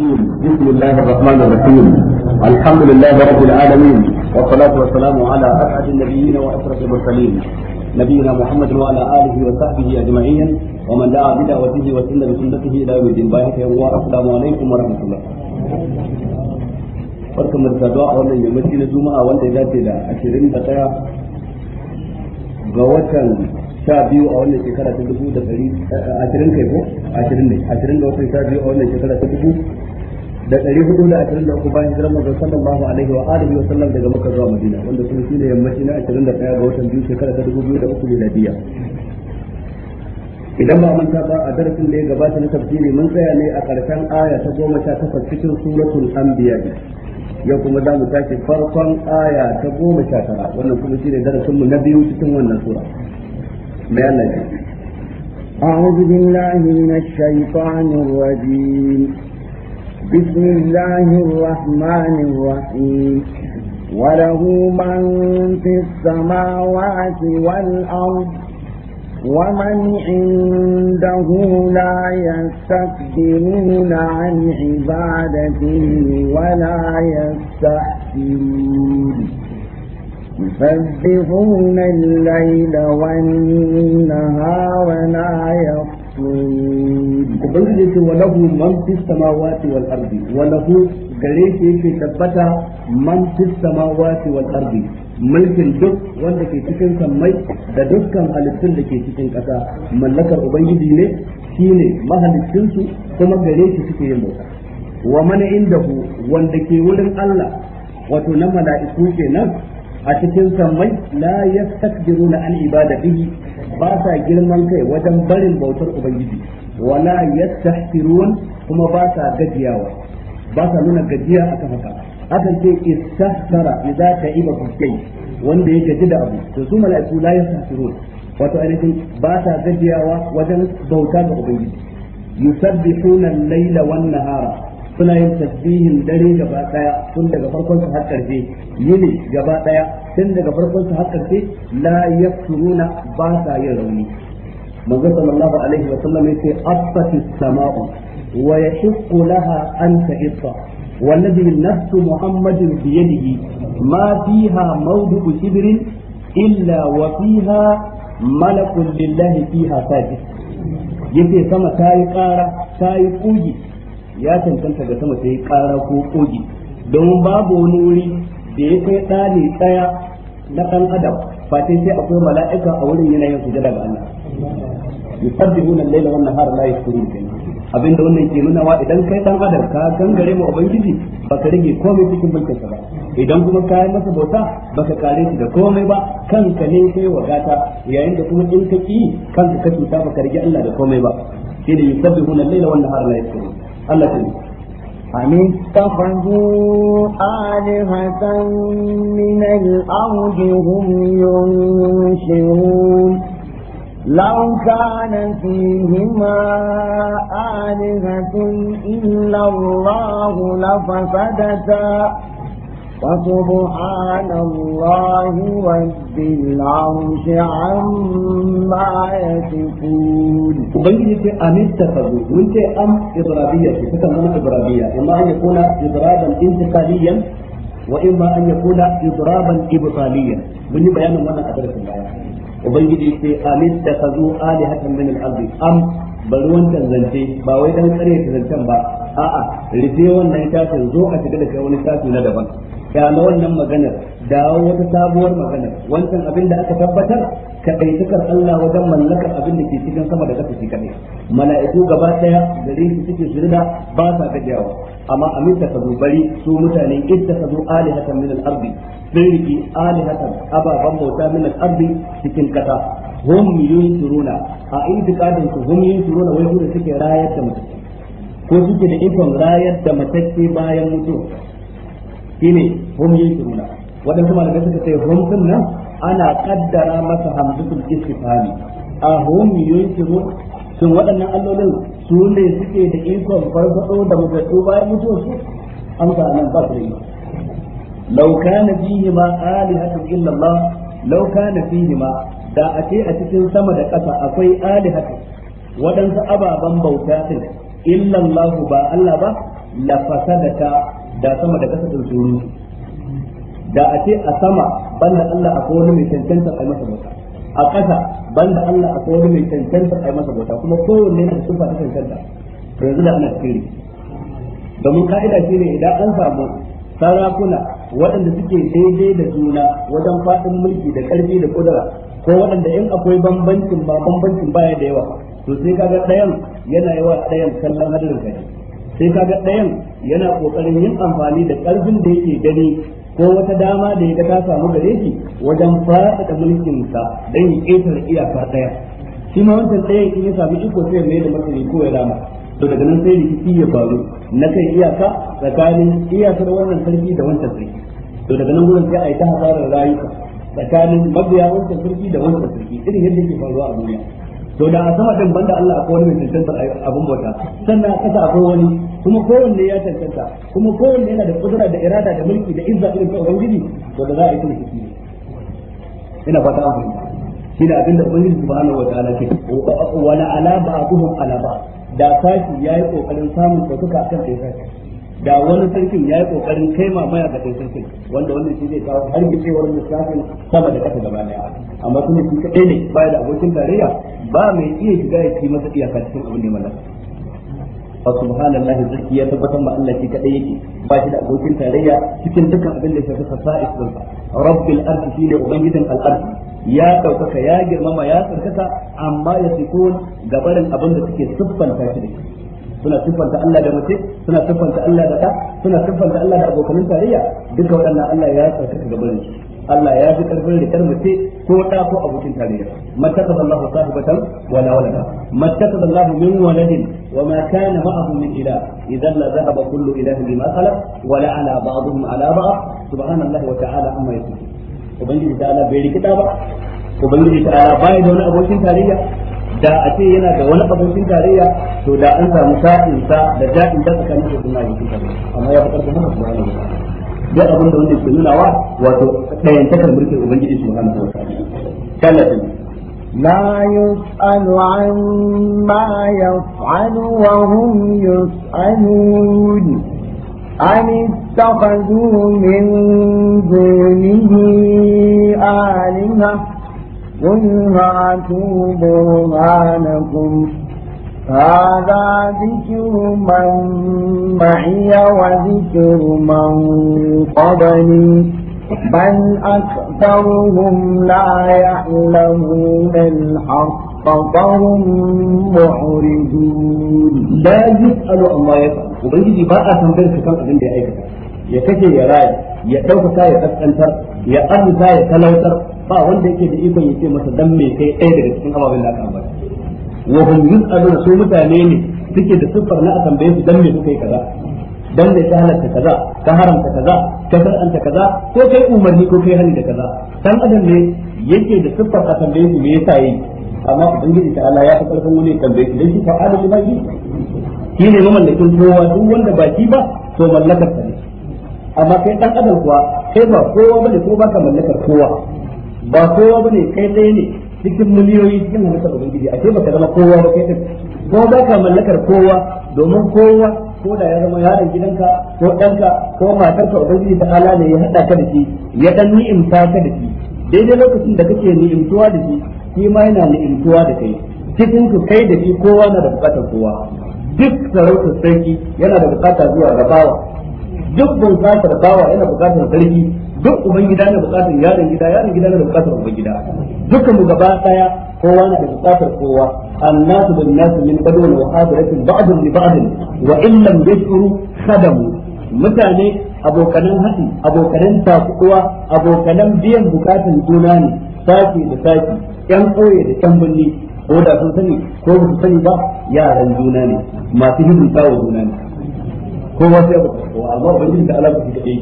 الرجيم بسم الله الرحمن الرحيم الحمد لله رب العالمين والصلاة والسلام على أسعد النبيين وأشرف المرسلين نبينا محمد وعلى آله وصحبه أجمعين ومن دعا بدعوته وسن بسنته إلى يوم الدين باهك السلام عليكم ورحمة الله barkan da saduwa a wannan yammaci na juma'a wanda ya dace sha biyu a wannan shekara ta dubu da ɗari eh, ashirin kai ko ashirin ne a wannan shekara ta dubu da ɗari hudu da ashirin da uku bayan hijirar manzon sallallahu alaihi wa alihi wa sallam daga makka zuwa madina wanda kuma shine yammaci na da ɗaya ga watan biyu shekara ta dubu biyu da uku miladiya idan ba manta ba a darasin da ya gabata na tafsiri mun tsaya ne a ƙarshen aya ta goma sha takwas cikin suratul anbiya yau kuma za mu tashi farkon aya ta goma wannan kuma shine darasin mu na biyu cikin wannan sura أعوذ بالله من الشيطان الرجيم بسم الله الرحمن الرحيم وله من في السماوات والأرض ومن عنده لا يستكبرون عن عبادته ولا يستحسنون يسبحون الليل والنهار لا يفطرون وبنجي وله من في السماوات والأرض وله gare shi yake tabbata man fis samawati wal ardi mulkin duk wanda ke cikin sammai da dukkan halittun da ke cikin ƙasa mallakar ubangiji ne shine mahaliccin su kuma gare shi suke yin bauta wa inda ku wanda ke wurin Allah wato na mala'iku kenan a cikin sammai la yastakbiruna an ibadatihi ba sa girman kai wajen barin bautar ubangiji wala yastahsirun kuma ba sa gajiyawa ba sa nuna gajiya akan haka akan ce istahsara idza ta'iba kuskay wanda ya gaji da abu to su mala'iku la yastahsirun wato ainihin ba sa gajiyawa wajen bauta ga ubangiji yusabbihuna al-laila wan-nahara suna yin tasbihin dare gaba daya tun daga farkon su har karfe yini gaba daya tun daga farkon su har karfe la yafturuna ba sa yin rauni manzo sallallahu alaihi wa sallam yace affatis sama'u wa yahiqqu laha an ta'ta والذي نفس محمد بيده ما فيها موضع شبر إلا وفيها ملك لله فيها ساجد يتي سما تاي قارة تاي قوي ya cancanta ga sama ta yi ƙara ko ƙogi don babu wani wuri da ya kai ɗani ɗaya na ɗan adam fatan sai akwai mala'ika a wurin yana yin sujada ga Allah yusabbihuna al-laila wan nahara la yafturun abinda wannan ke nuna wa idan kai dan adam ka gangare mu ubangiji baka rage komai cikin mulkin sa ba idan kuma kai masa bauta baka kare shi da komai ba kanka ne kai wagata yayin da kuma in ka ki kanka ka cuta baka rage Allah da komai ba sai da yusabbihuna al-laila wan nahara la yafturun Allah ta yi. Amin. Ta fahimu Ali Hassan minal auji hum yunshirun. Law kana fihima Ali Hassan illa Allah فسبحان الله رب العرش عما يصفون وبنجد أم اتخذوا وانت أم إضرابية فكما أم إضرابية إما أن يكون إضرابا انتقاليا وإما أن يكون إضرابا إبطاليا بني بيان ما أدرك الآية وبنجد أم اتخذوا آلهة من الأرض أم bari wancan zance ba wai dan tsare ta zancen ba a'a rufe wannan tafin zo a shiga da kai wani tafi na daban na wannan maganar dawo wata sabuwar maganar wancan abin da aka tabbatar ka ɗaitukar Allah wajen mallakar abin da ke cikin sama da ƙasa shi kaɗai mala'iku gaba ɗaya gare su suke shirda ba sa gajiyawa amma amin ta kazo bari su mutane idda kazo alihatan min al-ardi sai riki alihatan ababan bauta min al-ardi cikin ƙasa هم ينصرون a intiqadin su هم ينصرون هو دم ko suke da ikon rayar da matacce bayan mutu shine hum suka hum din nan ana kaddara masa hamzatul istifhami a hum yunsirun allolin su ne suke da ikon da bayan su an لو كان فيهما آلهة إلا الله لو كان فيهما da a ce a cikin sama da ƙasa akwai alihatu waɗansu ababen bauta din illallahu ba Allah ba la fasadata da sama da ƙasa sun suru da a ce a sama banda Allah akwai wani mai cancanta a masa bauta a ƙasa banda Allah akwai wani mai cancanta a masa bauta kuma kowanne da sufa ta cancanta yanzu da ana cikin domin ka'ida ne idan an samu sarakuna waɗanda suke daidai da juna wajen faɗin mulki da ƙarfi da ƙudura. ko waɗanda in akwai bambancin ba bambancin baya da yawa to sai kaga ɗayan yana yawa ɗayan kallon hadarin gari sai kaga ɗayan yana kokarin yin amfani da ƙarfin da yake gani ko wata dama da ya ga ta samu gare shi wajen mulkin sa don ya ƙetar iyakar ɗaya shi ma wancan ɗayan in ya samu iko sai mai da masani ko ya rama to daga nan sai rikici ya faru na kai iyaka tsakanin iyakar wannan sarki da wancan sarki to daga nan gurin sai a yi ta hasarar rayuka tsakanin mabiya wancan sarki da wancan sarki irin yadda yake faruwa a duniya to da a sama din banda Allah akwai wani mai tantantar abin bauta sannan a kasa akwai wani kuma kowanne ya tantanta kuma kowanne yana da kudura da irada da mulki da izza irin ta ubangiji to da za a yi kuma kiki ina fata an fahimta shi da abinda ubangiji subhanahu wa ta'ala ce wala ala a ala alaba da sashi yayi kokarin samun ɗaukaka akan sai sashi da wani sarkin ya yi kokarin kai mamaya ga kai sarkin wanda wannan shi zai kawo har wani misafin sama da kasa gaba daya amma kuma shi kadai ne baya da abokin tarayya ba mai iya shiga ya ci masa iyaka cikin abin da ya mallaka fa subhanallahi zaki ya tabbatar ma Allah shi kadai yake ba shi da abokin tarayya cikin dukkan abin da ya shafi fasa'is din rabbil ardi ne ubangijin al'adu ya ɗaukaka, ya girmama ya tsarkaka amma ya sifon gabarin abin da suke siffanta shi da shi suna siffanta Allah da mace suna siffanta Allah da ɗa suna siffanta Allah da abokanin tarayya duka waɗannan Allah ya sarkaka gaban shi Allah ya fi karfin rikar mace ko ɗa ko abokin tarayya mattaka Allahu sahibatan wala wala walada mattaka Allahu min waladin wa ma kana ma'ahu min ila idan la zahaba kullu ilahin bima khalaq wala ala ba'dhum ala ba'd subhanallahi wa ta'ala amma yasifun ubangiji ta'ala bai rikida ba ubangiji ta'ala bai da wani abokin tarayya da a ce yana da wani abokin tarayya to da an samu sa'in sa da ja'in da tsakanin da suna yi amma ya fitar da mana su wani da abin da wanda ke nunawa wato ɗayan takar mulkin ubangiji su hana su wata لا يسأل عما يفعل وهم يسألون أن اتخذوا من دونه آلهة قل هاتوا برهانكم هذا ذكر من معي وذكر من قبلي بل أكثرهم لا يعلمون الحق فهم معرضون لا يسأل عما يفعل وبيجي بقى تنبيه كم أبن بأيك يكفي يراي يتوفى يتسأنتر ya azuta ya talautar ba wanda yake da ikon ya ce masa dan me kai ɗaya daga cikin ababen da aka ambata wa hum yus'aluna su mutane ne suke da siffar na a tambaye su dan me kuka yi kaza dan da ya halatta kaza ka haramta kaza ka faranta kaza ko kai umarni ko kai hali da kaza dan adam ne yake da siffar a tambaye su me yasa yi amma ubangiji ta Allah ya fi karfin wani tambaye shi dan shi fa adali ba yi shi ne mamallakin kowa duk wanda ba shi ba to mallakar sa ne amma kai dan adam kuwa kai ba kowa bane ko baka mallakar kowa ba kowa bane kai ɗaya ne cikin miliyoyi cikin halittar ubangiji a kai baka zama kowa ba kai dai ko baka mallakar kowa domin kowa ko da ya zama yaron gidanka ko ɗanka ko matarka ubangiji ta ala ne ya hada ka da shi ya dan ni'imta ka da shi daidai lokacin da kake ni'imtuwa da shi shi ma yana ni'imtuwa da kai cikin ku kai da shi kowa na da bukatar kowa duk sarautar sarki yana da bukata zuwa gabawa duk bunƙasar bawa yana bukatar sarki duk uban gida yana buƙatar yaron gida yaron gida yana buƙatar uban gida dukkan mu gaba daya kowa na da bukatar kowa annasu bin nasu min badwan wa hadiratin ba'dun li ba'din wa illan lam yashuru sadamu mutane abokanan haɗi abokanan takuwa abokanan biyan bukatun juna ne sake da sake yan koye da can birni ko da sun sani ko ba sani ba yaran juna ne masu hidimta wa juna ne kowa sai ya buƙaci kowa amma ubangiji ta Allah shi kadai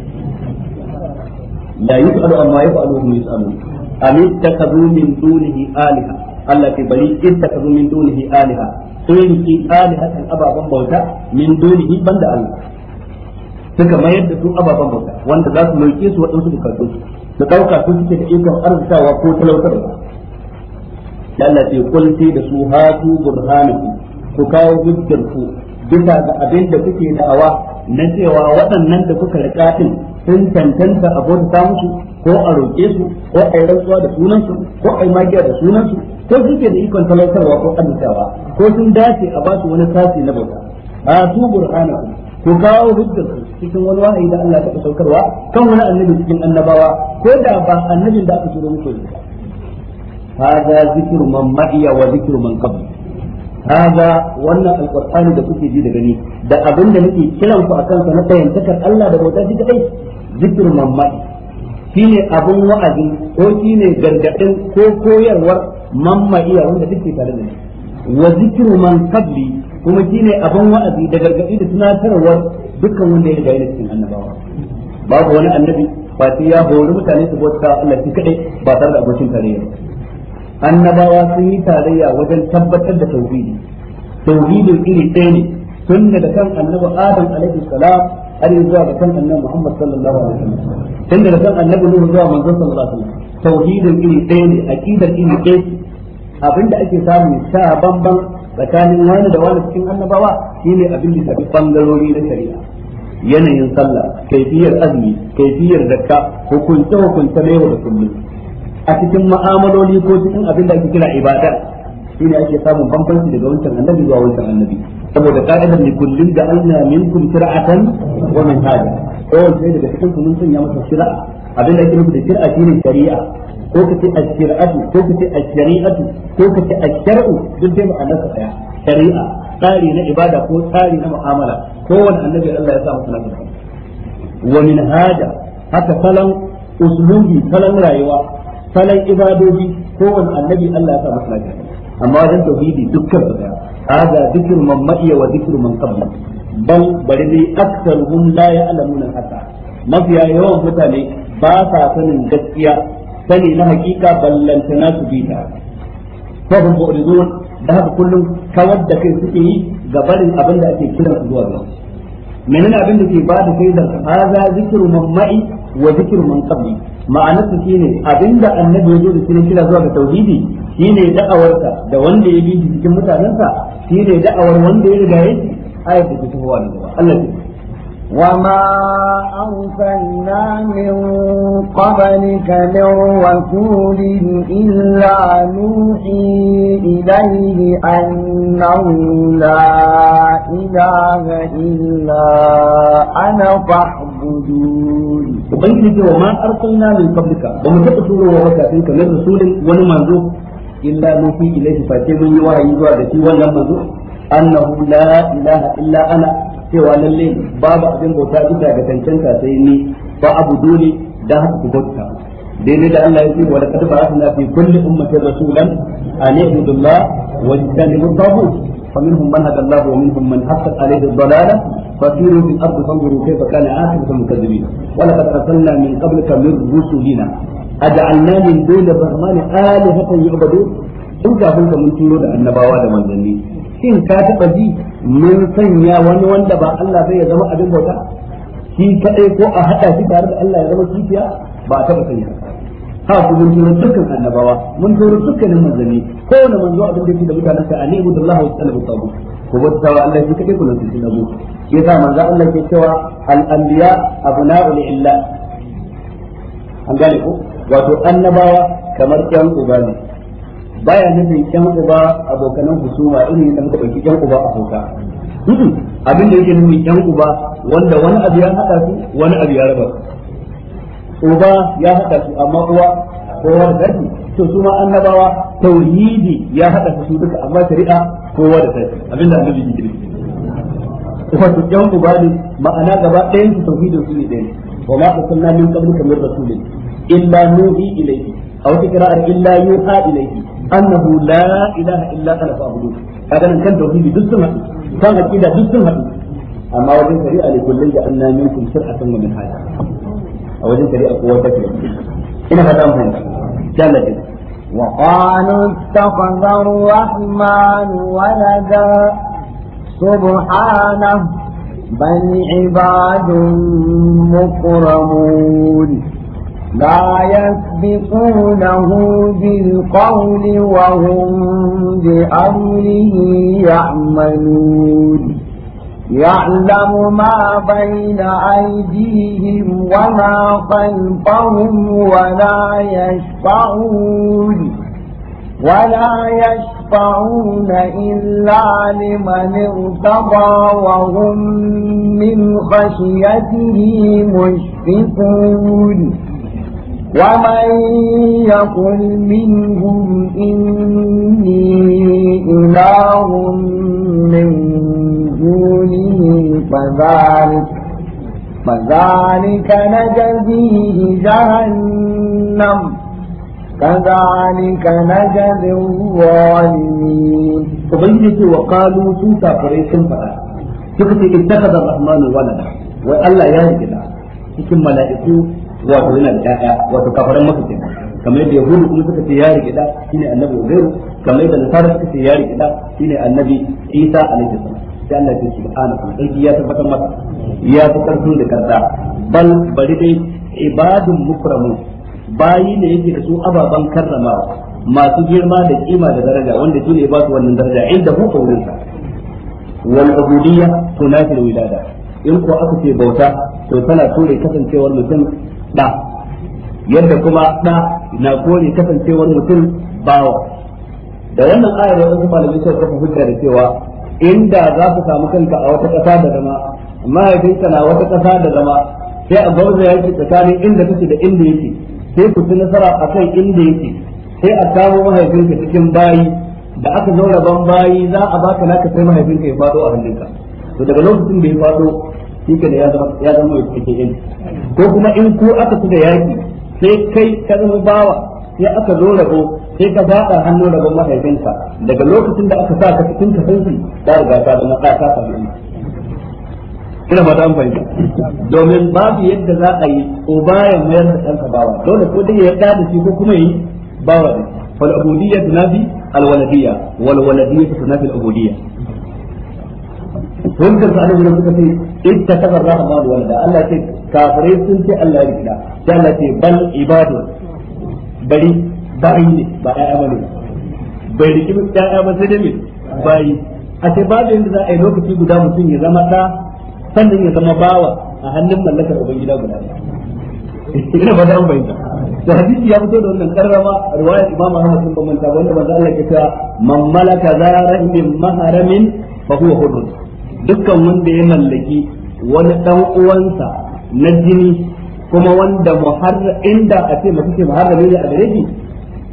la yus'alu amma yaf'alu hum yus'alun am ittakhadhu min dunihi alaha Allah ke bari ittakhadhu min dunihi alaha sai riki kan ababan bauta min dunihi banda Allah suka mayar da su ababen bauta wanda za su mulke su waɗansu bukatu su ɗauka su suke da ikon arzikawa ko talautarwa Allah ce kul sai da su hatu burhanaku ku kawo hujjar ku bisa ga abin da kuke da'awa na cewa waɗannan da kuka rika din sun tantanta a bauta musu ko a roƙe su ko a yi rantsuwa da sunansu ko a yi magiya da sunansu ko suke da ikon talautarwa ko amintawa, ko sun dace a ba su wani sashi na bauta a su burhana ku kawo hujjar cikin wani wahayi da Allah ta saukarwa kan wani annabi cikin annabawa ko da ba annabin da aka turo muku ne هذا ذكر من معي وذكر من haza wannan alqur'ani da kuke ji da gani da abin da nake kiran ku akan sa na fahimtakar Allah da bauta shi kadai zikrul mamaki shine abin wa'azi ko shine gargadin ko koyarwar mammaiya wanda take tare da ni wa zikru man qabli kuma shine abin wa'azi da gargadi da tunatarwar dukkan wanda ya riga yana cikin annabawa babu wani annabi ba sai ya hori mutane su bauta Allah shi kadai ba tare da abokin tarayya annabawa sun yi tarayya wajen tabbatar da tauhidi tauhidin iri ɗaya ne tun daga kan annabi adam alaihi salam har zuwa ga kan annabi muhammad sallallahu alaihi wasallam tun daga kan annabi nuhu zuwa manzon sallallahu alaihi wasallam tauhidin iri ɗaya ne aqidar iri ɗaya abinda ake samu sha bamban tsakanin wani da wani cikin annabawa shine abin da tafi bangarori na shari'a yanayin sallah kaifiyar azumi kaifiyar zakka hukunce hukunce na yau da kullum a cikin ma'amaloli ko cikin abin da ake kira ibada shine ake samun bambanci daga wancan annabi zuwa wancan annabi saboda ka'idar ne kullum da alna minkum shir'atan wa minhaja ko wanda daga cikin ku mun sanya masa shir'a abin da ake nufi da shir'a shine shari'a ko kace ash-shir'atu ko kace ash-shari'atu ko kace ash-shar'u duk dai ma'ana ta daya shari'a tsari na ibada ko tsari na mu'amala kowanne annabi Allah ya sa masa na wa minhaja haka salon uslubi salon rayuwa salon ibadoji kowane annabi Allah ya sa masa lafiya amma wajen tauhidi dukkan su daya haza dhikru man ma'iya wa dhikru man qabla bal bari ne aktsaruhum la ya'lamuna hatta mafiya yawan mutane ba sa sanin gaskiya sani na hakika ballantana su bi ta fa hum da haka kullum kawar da kai suke yi ga barin abin da ake kiran su zuwa ga menene abin da ke ba da kai da haza dhikru man wa zikr man qabli ma'anar su shine abinda annabi ya zo da shi kira zuwa ga tauhidi shine da'awarsa da wanda ya bi cikin mutanensa shine da'awar wanda ya riga yake ayatu ta tafawa ne Allah ya وما أرسلنا من قبلك من رسول illa نوحي إليه أنه لا إله إلا أنا فاحذر يعبدون وبنجي وما أرسلنا من قبلك وما ba وكافيك من رسول ولمنزو إلا نوحي إليه فاتبني وحي وعدتي ولمنزو أنه لا إله إلا أنا cewa lalle babu abin bauta bisa ga cancanta sai ni ba abu da haka ku bauta daidai da Allah ya ce wa laqad ba'athna rasulan فمنهم من هدى الله ومنهم من حقت عليه الضلاله فسيروا في الارض فانظروا كيف كان عاقبه المكذبين ولقد ارسلنا من قبلك من رسلنا اجعلنا من دون الرحمن الهه يعبدون sun kafin ka mun turo da annabawa da manzanni shin ka taba ji mun sanya wani wanda ba Allah bai ya zama abin bauta shi kadai ko a hada shi tare da Allah ya zama kifiya ba a taba sanya ha ku mun tura dukkan annabawa mun tura dukkanin manzanni kowane manzo abin da yake da mutanen sa ani ibudullah wa sallallahu alaihi ko wata wa Allah shi kake kullun sun nabu sa manzo Allah ke cewa al anbiya abna'u li illa an gane ko wato annabawa kamar yan uba ne baya nufin yan uba abokanan husuma irin yadda muka dauki yan uba aboka abin da yake nufin yan uba wanda wani abu ya hada su wani abu ya raba su uba ya hada su amma uwa kowa da tashi to su ma annabawa tauhidi ya hada su duka amma shari'a kowa da tashi abinda an yake nufi wato yan uba ne ma'ana gaba ɗayan su tauhidin su ne ɗaya ne wa ma arsalna min qablika min rasulin illa nuhi ilayhi aw tikra'ar illa yuha ilayhi annahu la ilaha illa ana fa'budu kaga nan kan tauhidi duk sun haɗu kan aqida duk sun haɗu amma wajen shari'a ne kullun da annabi kun sir'atan wa min hada a wajen a ko ta ce ina fata an fahimta jalla jalla wa qalu takhadha ar-rahman walada subhanahu bal ibadun mukramun لا يسبقونه بالقول وهم بأمره يعملون يعلم ما بين أيديهم وما خلفهم ولا يشفعون ولا يشفعون إلا لمن ارتضى وهم من خشيته مشفقون ومن يقل منهم إني إله من دونه فذلك فذلك نجزيه جهنم كذلك نجزي الظالمين وبنجي وقالوا سوسا فريسن فلا تكتي اتخذ الرحمن ولدا والله يهدي cikin mala'iku wato yana da ƴaƴa wato kafaran maka kamar yadda yahudu kuma suka ce yari gida shine annabi ubairu kamar yadda nasara suka ce yari gida shine annabi isa alaihi salam sai Allah ya subhanahu ya tabbatar masa ya fi karfin da karda bal bari dai ibadun mukramun bayi ne yake da su ababan karrama masu girma da kima da daraja wanda shine ba su wannan daraja inda ku kaurin sa wal ubudiyya tunafi wilada in ko aka ce bauta to tana kore kasancewar mutum da yadda kuma da na kore kasancewar mutum bawa da wannan ayar wasu malamai suka kafa hujja da cewa inda za ku samu kanka a wata ƙasa da zama mahaifinka na wata ƙasa da zama sai a ya yaki tsakanin inda kake da inda yake sai ku ci nasara a kan inda yake sai a samu mahaifinka cikin bayi da aka zo rabon bayi za a baka naka sai mahaifinka ya fado a hannunka to daga lokacin da ya fado shi ne ya zama ko kuma in ko aka ci da yaƙi, sai kai ka zama bawa sai aka zo rabo sai ka bada hannun rabon mahaifinka daga lokacin da aka sa ka cikin ka sanki ta riga ta zama ta ta ina ba an fahimta domin babu yadda za a yi uba ya mayar da ɗansa bawa dole ko dai ya yarda da shi ko kuma yi bawa da shi فالعبودية تنافي الولدية والولدية تنافي العبودية ويمكن سؤال من المتكفي اتخذ ce الله sun ce يقول ya سنتي sai يكلا ce بل ibadu. bari bayi ne ba ƴaƴa yi ne bai riki ƴaƴa ba sai dai me bayi a sai babu yadda za a yi lokaci guda mutum ya zama ɗa sannan ya zama bawa a hannun mallakar ubangida guda ina ba da an bayyana da hadisi ya fito da wannan karrama riwaya imam ahmad sun ta wanda manzo Allah ya ce man malaka zaran min maharamin fa huwa hurr dukkan wanda ya mallaki wani dan uwansa na jini kuma wanda muharra inda a ce mace ce muharra ne a gare shi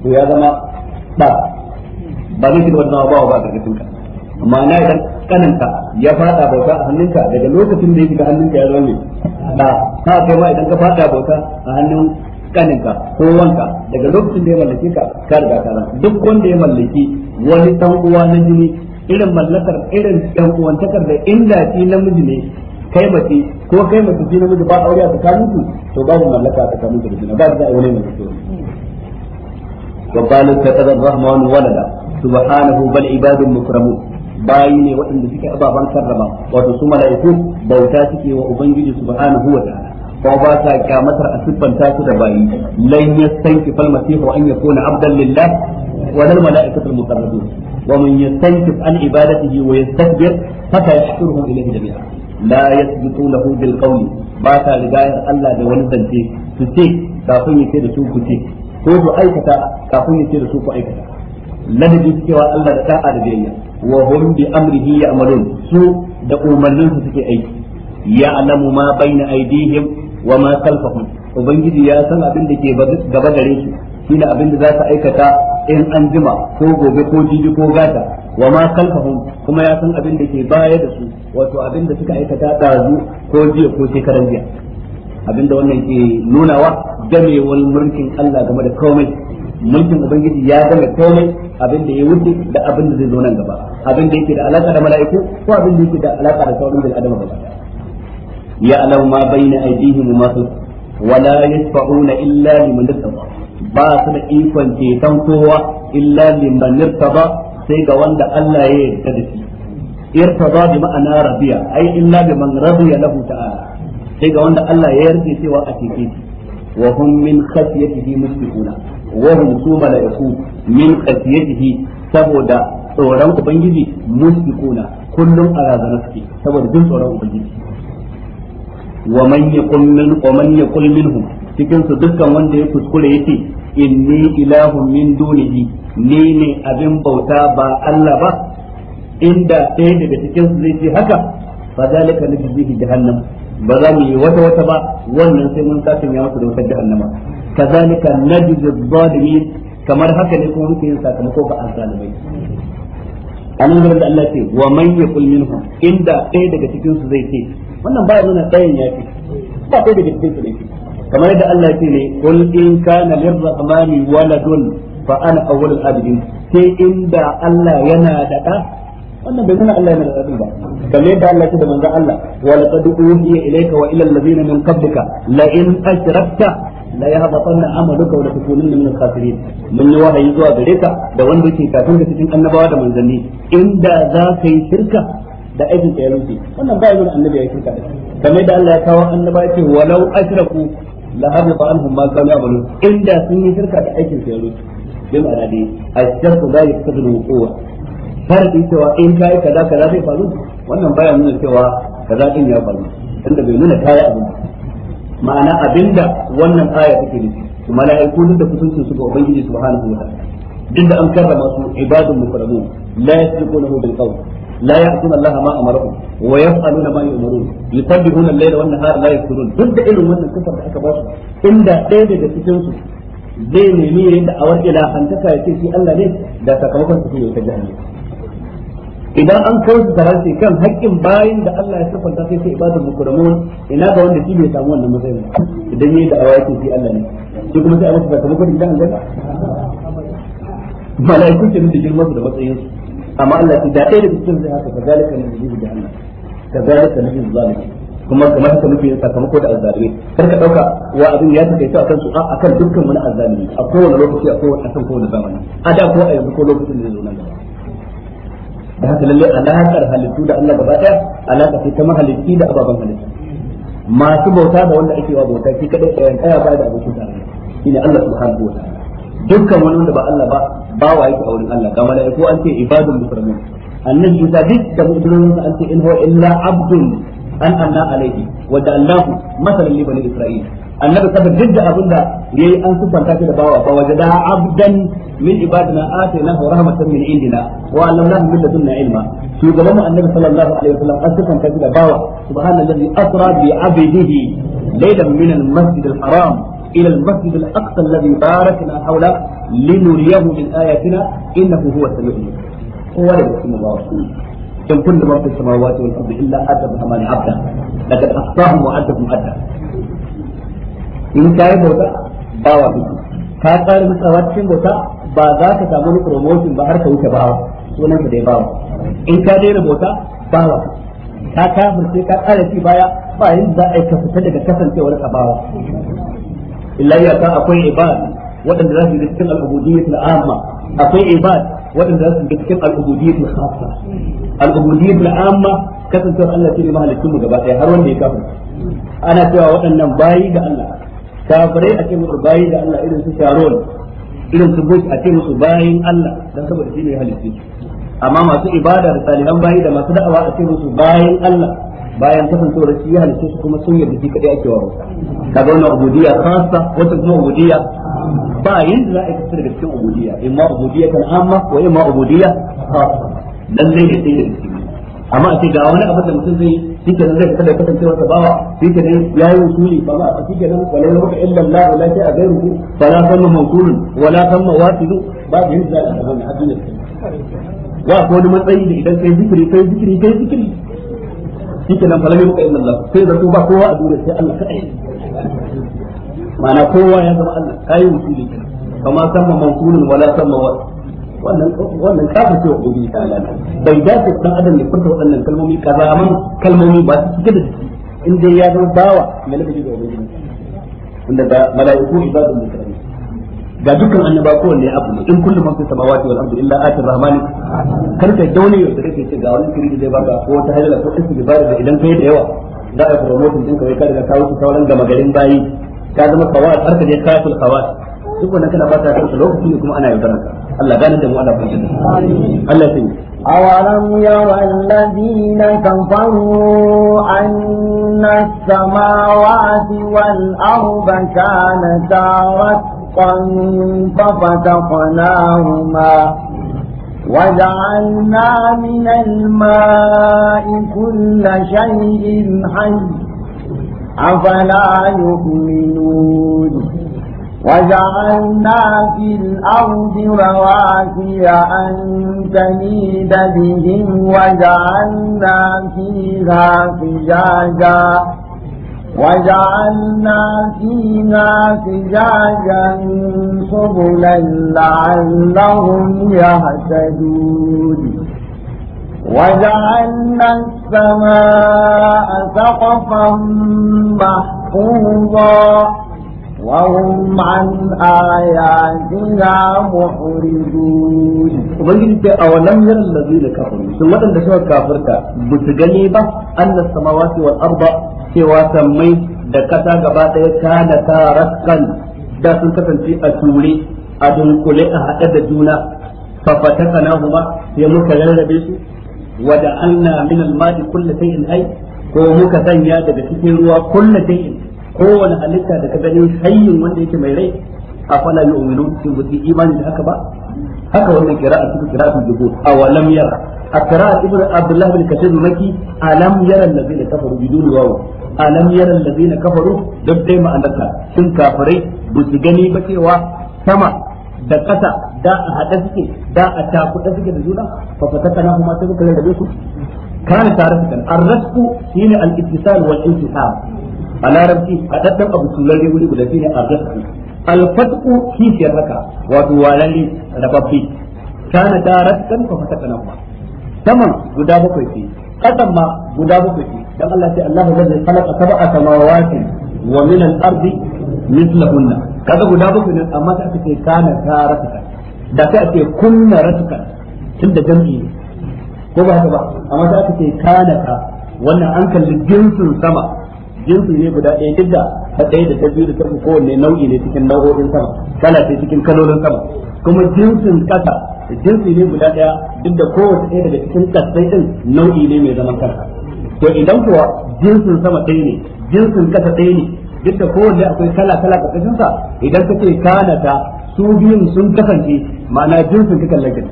to ya zama ba ba zai shiga wannan ba ba karkashin ka amma na idan kananta ya fada bauta a hannunka daga lokacin da ya shiga hannunka ya zama da ta kai ma idan ka fada bauta a hannun kaninka ko wanka daga lokacin da ya mallake ka ka riga ka duk wanda ya mallaki wani dan uwa na jini irin mallakar irin dan uwantakar da inda shi namiji ne kai mace ko kai mace ji namiji ba aure a tsakanin su to babu mallaka a tsakanin su da juna ba to وقال اتخذ الرحمن ولدا سبحانه بل عباد مكرمون bayi ne waɗanda suke ababen karrama wato su mala'iku bauta suke wa ubangiji subhanahu wa ta'ala ko ba ta kyamatar a siffanta su da bayi lan fal masihu an yakuna abdan lillah wa lil mala'ikatu al wa man an ibadatihi wa yastakbir fa ilayhi jami'a la yasbiqunahu bil qawli ba ta rigayar Allah da wani zance su ce kafin yake ce da su ku ce ko su aikata kafin yake ce da su ku aikata ladabi cewa Allah da ta'a da biyayya wa hum bi amrihi ya'malun su da umarnin su suke aiki alamu ma baina aydihim wa ma khalfahum ubangiji ya san abin da ke gaba gare shi. shine abin da za su aikata in an jima ko gobe ko jibi ko gata wa ma khalfahum kuma ya san abin da ke baya da su wato abin da suka aikata dazu ko jiya ko shekaran jiya abin da wannan ke nunawa gamewar mulkin Allah game da komai mulkin ubangiji ya game komai abin da ya wuce da abin da zai zo nan gaba abin da yake da alaka da mala'iku ko abin da yake da alaka da sauran bil adama ba. ya alam ma baina aydihim ma su wala yasfa'una illa liman irtaba ba su da ikon ceton kowa illa liman irtaba sai ga wanda Allah ya yarda da shi irtada bi ma'ana rabiya ai illa bi man radiya lahu ta'ala sai ga wanda Allah ya yarda cewa a tike shi wa hum min khashyatihi mushfiquna wa hum su malaiku min khashyatihi saboda tsoron ubangiji mushfiquna kullum a razana suke saboda jin tsoron ubangiji wa man yakun min wa man yakun minhum cikin su dukkan wanda ya kuskure yake inni ilahun min dunihi ni ne abin bauta ba Allah ba inda ɗaya daga cikin su zai ce haka fa zalika najzihi jahannam ba za mu yi wata wata ba wannan sai mun kasin ya musu da wutar jahannama kazalika najzi zalimin kamar haka ne kuma muke yin sakamako ga azzalimai anan gurin da Allah ce wa man yaqul minhum inda ɗaya daga cikin su zai ce wannan ba nuna tsayin ya ce ba ɗaya daga cikin su ne kamar yadda Allah ya ce ne qul in kana lirrahmani waladun fa ana awwalul abidin sai inda Allah yana da wannan bai nuna Allah yana da da ba kamar yadda Allah ya da manzo Allah wa laqad uhiya ilayka wa ila allazina min qablika la in ashrakta la yahbatanna amaluka wa la takunanna min al-khasirin mun yi wahayi zuwa gare ka da wanda yake kafin ka cikin annabawa da manzanni inda za ka yi shirka da aikin ka ya rufe wannan ba ya nuna annabi ya shirka da kamar yadda Allah ya kawo annaba ya ce walau ashraku la habba anhum ma kanu yamalun inda sun yi shirka da aikin ka ya rufe bi ma'ana dai ashartu la yaqtadul wuqu' farqi cewa in kai kaza kaza zai faru wannan baya nuna cewa kaza din ya faru tunda bai nuna kai abin ma'ana abinda wannan aya take nufi mala'iku duk da kusancin su ga ubangiji subhanahu wa ta'ala duk da an karrama su ibadun mukarramun la yasbiqunahu bil qawl لا يعصون الله ما امرهم ويفعلون ما يؤمرون يسبحون الليل والنهار لا يكفرون duk da irin wannan kafar da aka ba su inda ɗaya daga cikin zai nemi yayin da awar ila ya ce shi Allah ne da sakamakon su ne ta jahannama idan an kawo taranci kan haƙƙin bayin da Allah ya sifanta sai sai ibadar mukramun ina ga wanda shi bai samu wannan matsayin idan yayin da awar ya shi Allah ne shi kuma sai a masa sakamakon idan an gana malaiku ke da girman su da matsayin su amma Allah ya ce da ɗaya da cikin zai haka kazalika ne da jihar jahannama kazalika ne da zalimi kuma kamar haka muke yin sakamako da azzalimi kar ka dauka wa abin ya take ta akan su a akan dukkan wani azzalimi a kowane lokaci a kowane akan kowane zamani a da ko a yanzu ko lokacin da zai zo nan gaba da haka lalle alaƙar halittu da Allah gaba daya alaƙa ce ta mahalitti da ababen halittu masu bauta da wanda ake wa bauta shi kadai ɗayan ɗaya ba da abokin tarayya ina Allah subhanahu wa ta'ala dukkan wani wanda ba Allah ba ba wa yake a wurin Allah ga mala'iku an ce ibadul muslimin annabi Isa duk da mutumin an ce in huwa illa abdun an anna alaihi wa ja'alnahu masalan li bani isra'il annabi sabar duk da abin da yayi an sufanta shi da bawa fa wajada abdan min ibadina atainahu rahmatan min indina wa allamnahu min ladunna ilma shugaban annabi sallallahu alaihi wasallam an sufanta shi da bawa subhanallazi asra bi abdihi laylan min al-masjid al-haram إلى المسجد الأقصى الذي باركنا حوله لنريه من آياتنا إنه هو السميع العليم ولو الله in kullu ma fi samawati wal ardi illa ata rahman abda laqad ahsahum wa adahum adda in kai bauta ba wa ka tsara mutsawa cikin bauta ba za ka samu wani ba har wuce bawa sunan ka dai bawa in ka daina bauta bawa ka kafirce ka tsara ci baya ba za a yi ka fita daga kasancewar ka bawa illa akwai ibad waɗanda za yi cikin al'ubudiyyah al'amma akwai ibad waɗanda za su cikin al'ubudiyyatul khassa al'ubudiyyatul amma kasancewar Allah shi ne mahalicin mu gaba ɗaya har wanda ya kafa ana cewa waɗannan bayi ga Allah kafirai a ce musu bayi ga Allah irin su Sharon irin su Bush a ce musu bayin Allah dan saboda shi ne halicci amma masu ibada da salihan bayi da masu da'awa a ce musu bayin Allah bayan kasancewar shi ya halitta su kuma sun yarda shi kadai ake wa bauta kaga wannan ubudiyya khassa wata kuma ubudiyya ba yanda za a yi daga cikin ubudiyya imma ubudiyya kan amma wa imma ubudiyya khassa dan ne da tsaye da cikin amma a ce ga wani abin da mutum zai shi ke nan zai fita da kasancewar sa bawa shi ke nan ya yi usuli ba ma a shi ke nan wala ya maka illa Allah wala a gairu ku wala sanna mawsulun wala sanna wasilu ba yanda za a yi a duniya. wa ko wani matsayi da idan kai zikiri kai zikiri kai zikiri shike nan falami muka inna Allah sai zato ba kowa a duniya sai Allah kadai ma'ana kowa ya zama Allah kai wasili kenan kama sama mansulun wala sama wa wannan wannan kafa ce wa ubi ta Allah bai dace dan adam ya furta waɗannan kalmomi kazaman kalmomi ba su cike da ciki in dai ya zama bawa mai ladabi da ubi wanda da mala'iku ibadun mutum ga dukkan annaba kowanne abu ne in kullum man fi samawati wal ardi illa atir rahmani kar dauni daune yau da kake ce ga wani kiri da zai baka ko ta halala ko istighfar da idan kai da yawa za a promotion din ka kai ka daga kawo su sauran gama garin bayi ka zama kawat har ka je kafil kawat duk wannan kana ba ta kanka lokaci ne kuma ana yaudarar ka Allah gane da mu ana fahimta Allah ya sani أولم ير الذين كفروا أن السماوات والأرض كانتا رتقا طريقا ففتقناهما وجعلنا من الماء كل شيء حي أفلا يؤمنون وجعلنا في الأرض رواسي أن تميد بهم وجعلنا فيها فجاجا وجعلنا فيها فجاجا سبلا لعلهم يهتدون وجعلنا السماء سقفا محفوظا وهم عن آياتنا محرجون وبنجد في أولم يرى الذين كفروا ثم أن كافرك بتجنيبة أن السماوات والأرض cewa sammai da kasa gaba ɗaya kana ta raskan da sun kasance a ture a dunkule a haɗe da juna fafata kana kuma sai muka rarrabe su wada anna min almadi kulli shay'in hay ko muka sanya daga cikin ruwa kulli shay'in kowane halitta da ka ganin hayyin wanda yake mai rai a fala yu'minu sun bi imani da haka ba haka wannan qira'a cikin qira'atul jubur awalam yara a qira'at ibn abdullah bin kathir maki alam yara allazina kafaru bidun wawu alam yaral ladina kafaru duk dai ma'anarka sun kafirai ba su gani ba cewa sama da ƙasa da a haɗa suke da a takuɗa suke da juna fa fataka na kuma ta kuka rarrabe su kana tare su kan arrasku shine al-ittisal wal iltiham a larabci haɗaɗɗen abu turare wuri guda shine arrasku al-fatqu kishiyar raka wato walali rababbi kana tare su kan fa fataka na kuma saman guda bakwai ce kasan ma guda bakwai ce dan Allah ce Allahu zai khalaqa sab'a samawati wa min al-ardi mislahunna kaga guda bakwai ne amma sai aka ce kana taratuka da sai ake kunna ratuka tunda jam'i ko ba haka ba wannan an kalli jinsin sama jinsi ne guda ɗaya duk da ta ɗaya da ta biyu da ta uku kowanne nau'i ne cikin nau'o'in sama kala ce cikin kalolin sama kuma jinsin ƙasa jinsi ne guda ɗaya duk da kowace ɗaya daga cikin ƙasai ɗin nau'i ne mai zaman kanka to idan kuwa jinsin sama ɗaya ne jinsin ƙasa ɗaya ne duk da kowanne akwai kala kala ƙarƙashinsa idan ka ce kana ta su biyun sun kasance ma'ana jinsin ka kallon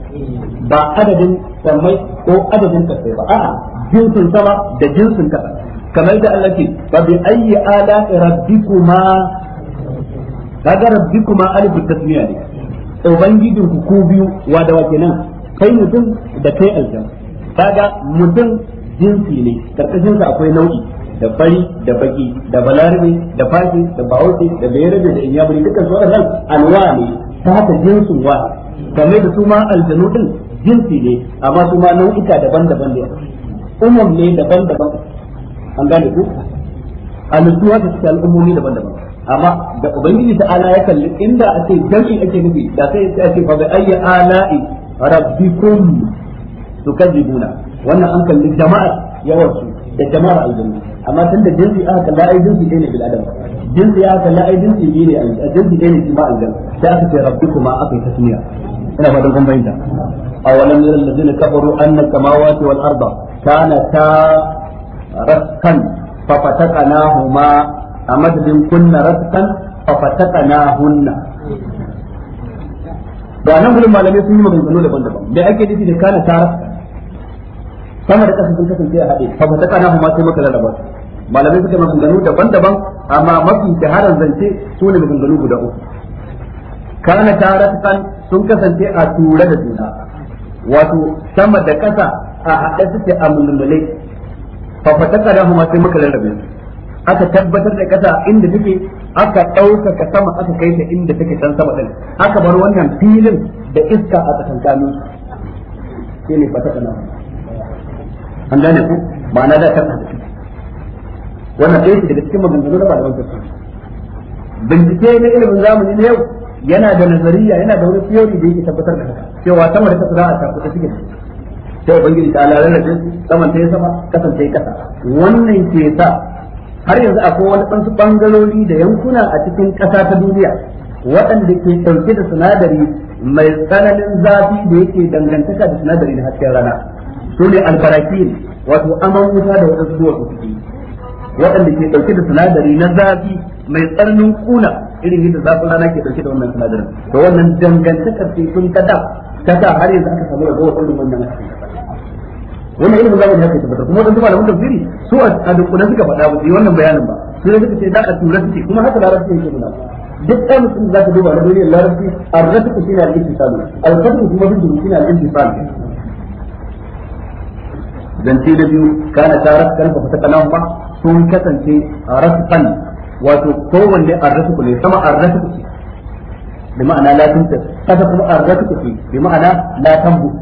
ba adadin sammai ko adadin ƙasai ba a'a jinsin sama da jinsin ƙasa kamar da Allah ce ba bi ayyi ala rabbikuma kaga rabbikuma alif tasmiya ne ubangijin ku ku biyu wa da wake nan kai mutum da kai aljan kaga mutum jinsi ne karkashin sa akwai nau'i da fari da baki da balarabe da fashi da bawuti da bayarabe da inyaburi dukkan su waɗannan alwa ne ta haka jinsin wa kamar da su ma aljanu din jinsi ne amma su ma nau'ika daban-daban ne umum ne daban-daban an gane ku alusu haka suke al'ummomi daban-daban amma da ubangiji ta ala ya kalli inda a ce jami'i ake nufi da sai ya ce fa bi ayyi ala'i rabbikum tukadzibuna wannan an kalli jama'a yawan su da jama'ar aljanna amma da jinsi aka kalla ai jinsi ɗaya ne bil adam jinsi aka kalla ai jinsi biyu ne a jinsi ɗaya ne shi ma aljanna sai aka ce rabbikuma aka yi tasmiya ina fatan kun bayyana awalam yara alladhina kafaru anna samawati wal arda ta. raskan fa fataqnahuma a madadin kunna raskan fa fataqnahunna da nan gurin malamai sun yi maganganu daban-daban da ake nufi kana ta sama da sun kasance a haɗe malamai daban-daban amma mafi shaharar zance sun kasance a tura da juna wato sama da kasa a haɗe suke a mulmulai fa fataka da huma sai muka rarrabe su aka tabbatar da kasa inda take aka ɗaukaka sama aka kai ta inda take can sama din aka bar wannan filin da iska a tsakankanin shi ne fataka na an gane ku ma'ana da kan hadisi wannan ɗaya daga cikin maganganu da malaman tafsir bincike na ilimin zamani na yau yana da nazariya yana da wani theory da yake tabbatar da haka cewa sama da kasa za a tafi ta cikin sai ubangiji ta ala rarrabe su saman ta yi sama kasan ta yi kasa wannan ke sa har yanzu akwai wani ɗansu ɓangarori da yankuna a cikin ƙasa ta duniya waɗanda ke ɗauke da sinadari mai tsananin zafi da yake dangantaka da sinadari na hasken rana su ne albarakin wato aman wuta da waɗansu su suke waɗanda ke ɗauke da sinadari na zafi mai tsananin kuna irin yadda zafin rana ke ɗauke da wannan sinadarin to wannan dangantakar ce sun kada ta sa har yanzu aka samu ragowar irin wannan asiri wannan ilimin zamani haka ya tabbata kuma da malaman tafsiri su a dukkanin suka faɗa ba yi wannan bayanin ba su ne suka ce da a tura suke kuma haka larabci yake nuna duk ɗan mutum za ka duba na duniyar larabci arrafiku shi ne al-intisalu al-fatu kuma duk shi ne al-intisalu zance da biyu kana rasu kan fafata kanan ba sun kasance a kan wato kowanne a rasuku ne sama a rasuku ce bi ma'ana latin ta kasa kuma a rasuku ce bi ma'ana la tambu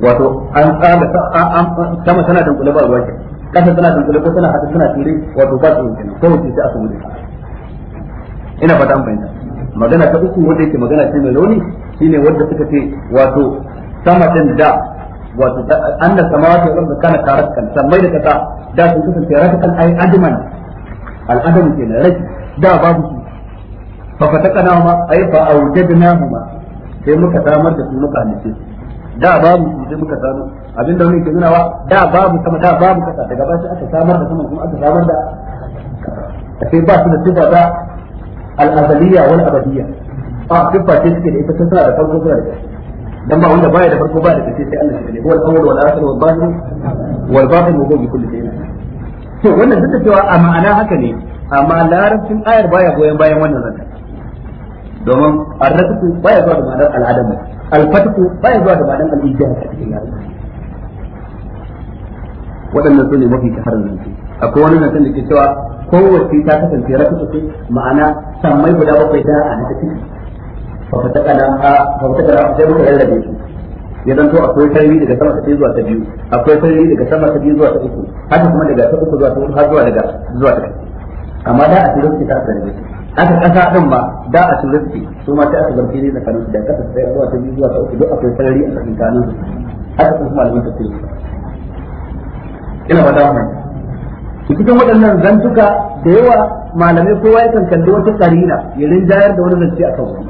wato an tsaga sama tana tankule ba ruwa ke kasa tana tankule ko tana hada tana tsire wato ba su kenan ko wuce sai aka gudu ina fata an fahimta magana ta uku wanda yake magana ce mai rauni shine wanda suka ce wato sama din da wato da an sama wata yawon zakana kana tarakan sammai da kasa da sun kasance ratakan ay ayi al al'adam ke na rai da babu su fafata fatakana ma ay fa awjadna huma sai muka samar da su muka halice su da babu su sai muka samu da wani ke nuna wa da babu sama da babu kasa daga ba shi aka samar da sama kuma aka samar da sai ba su da sifa ta al'azaliya wal abadiyya a sifa ce suke da ita ta sa da farko suna da dan ba wanda baya da farko baya da kace sai Allah shi ne wal awwal wal akhir wal zahir wal batin wa bi kulli shay'in to wannan duk da cewa a ma'ana haka ne amma larabcin ayar baya goyen bayan wannan zakka domin arrafiku baya zuwa da ma'anar al'adamu baya zuwa da ma'anar al'ijiyar a cikin larabci waɗannan su ne mafi zance akwai wani da ke cewa kowace ta kasance ma'ana sammai guda bakwai a ciki kana kana sai muka su ya akwai sarari daga sama ta zuwa ta biyu akwai sarari daga sama ta biyu zuwa ta uku haka kuma daga ta uku zuwa ta har zuwa daga zuwa ta amma da a cikin ta aka kasa din ba da a rufi su ma ta asibar fili na kanansu da kasa sai zuwa ta biyu zuwa ta uku duk akwai sarari a cikin kanansu aka kuma malaman tafsir ina ba da mai cikin waɗannan zantuka da yawa malamai kowa ya kalli wata karina ya rinjayar da wani zance a kan su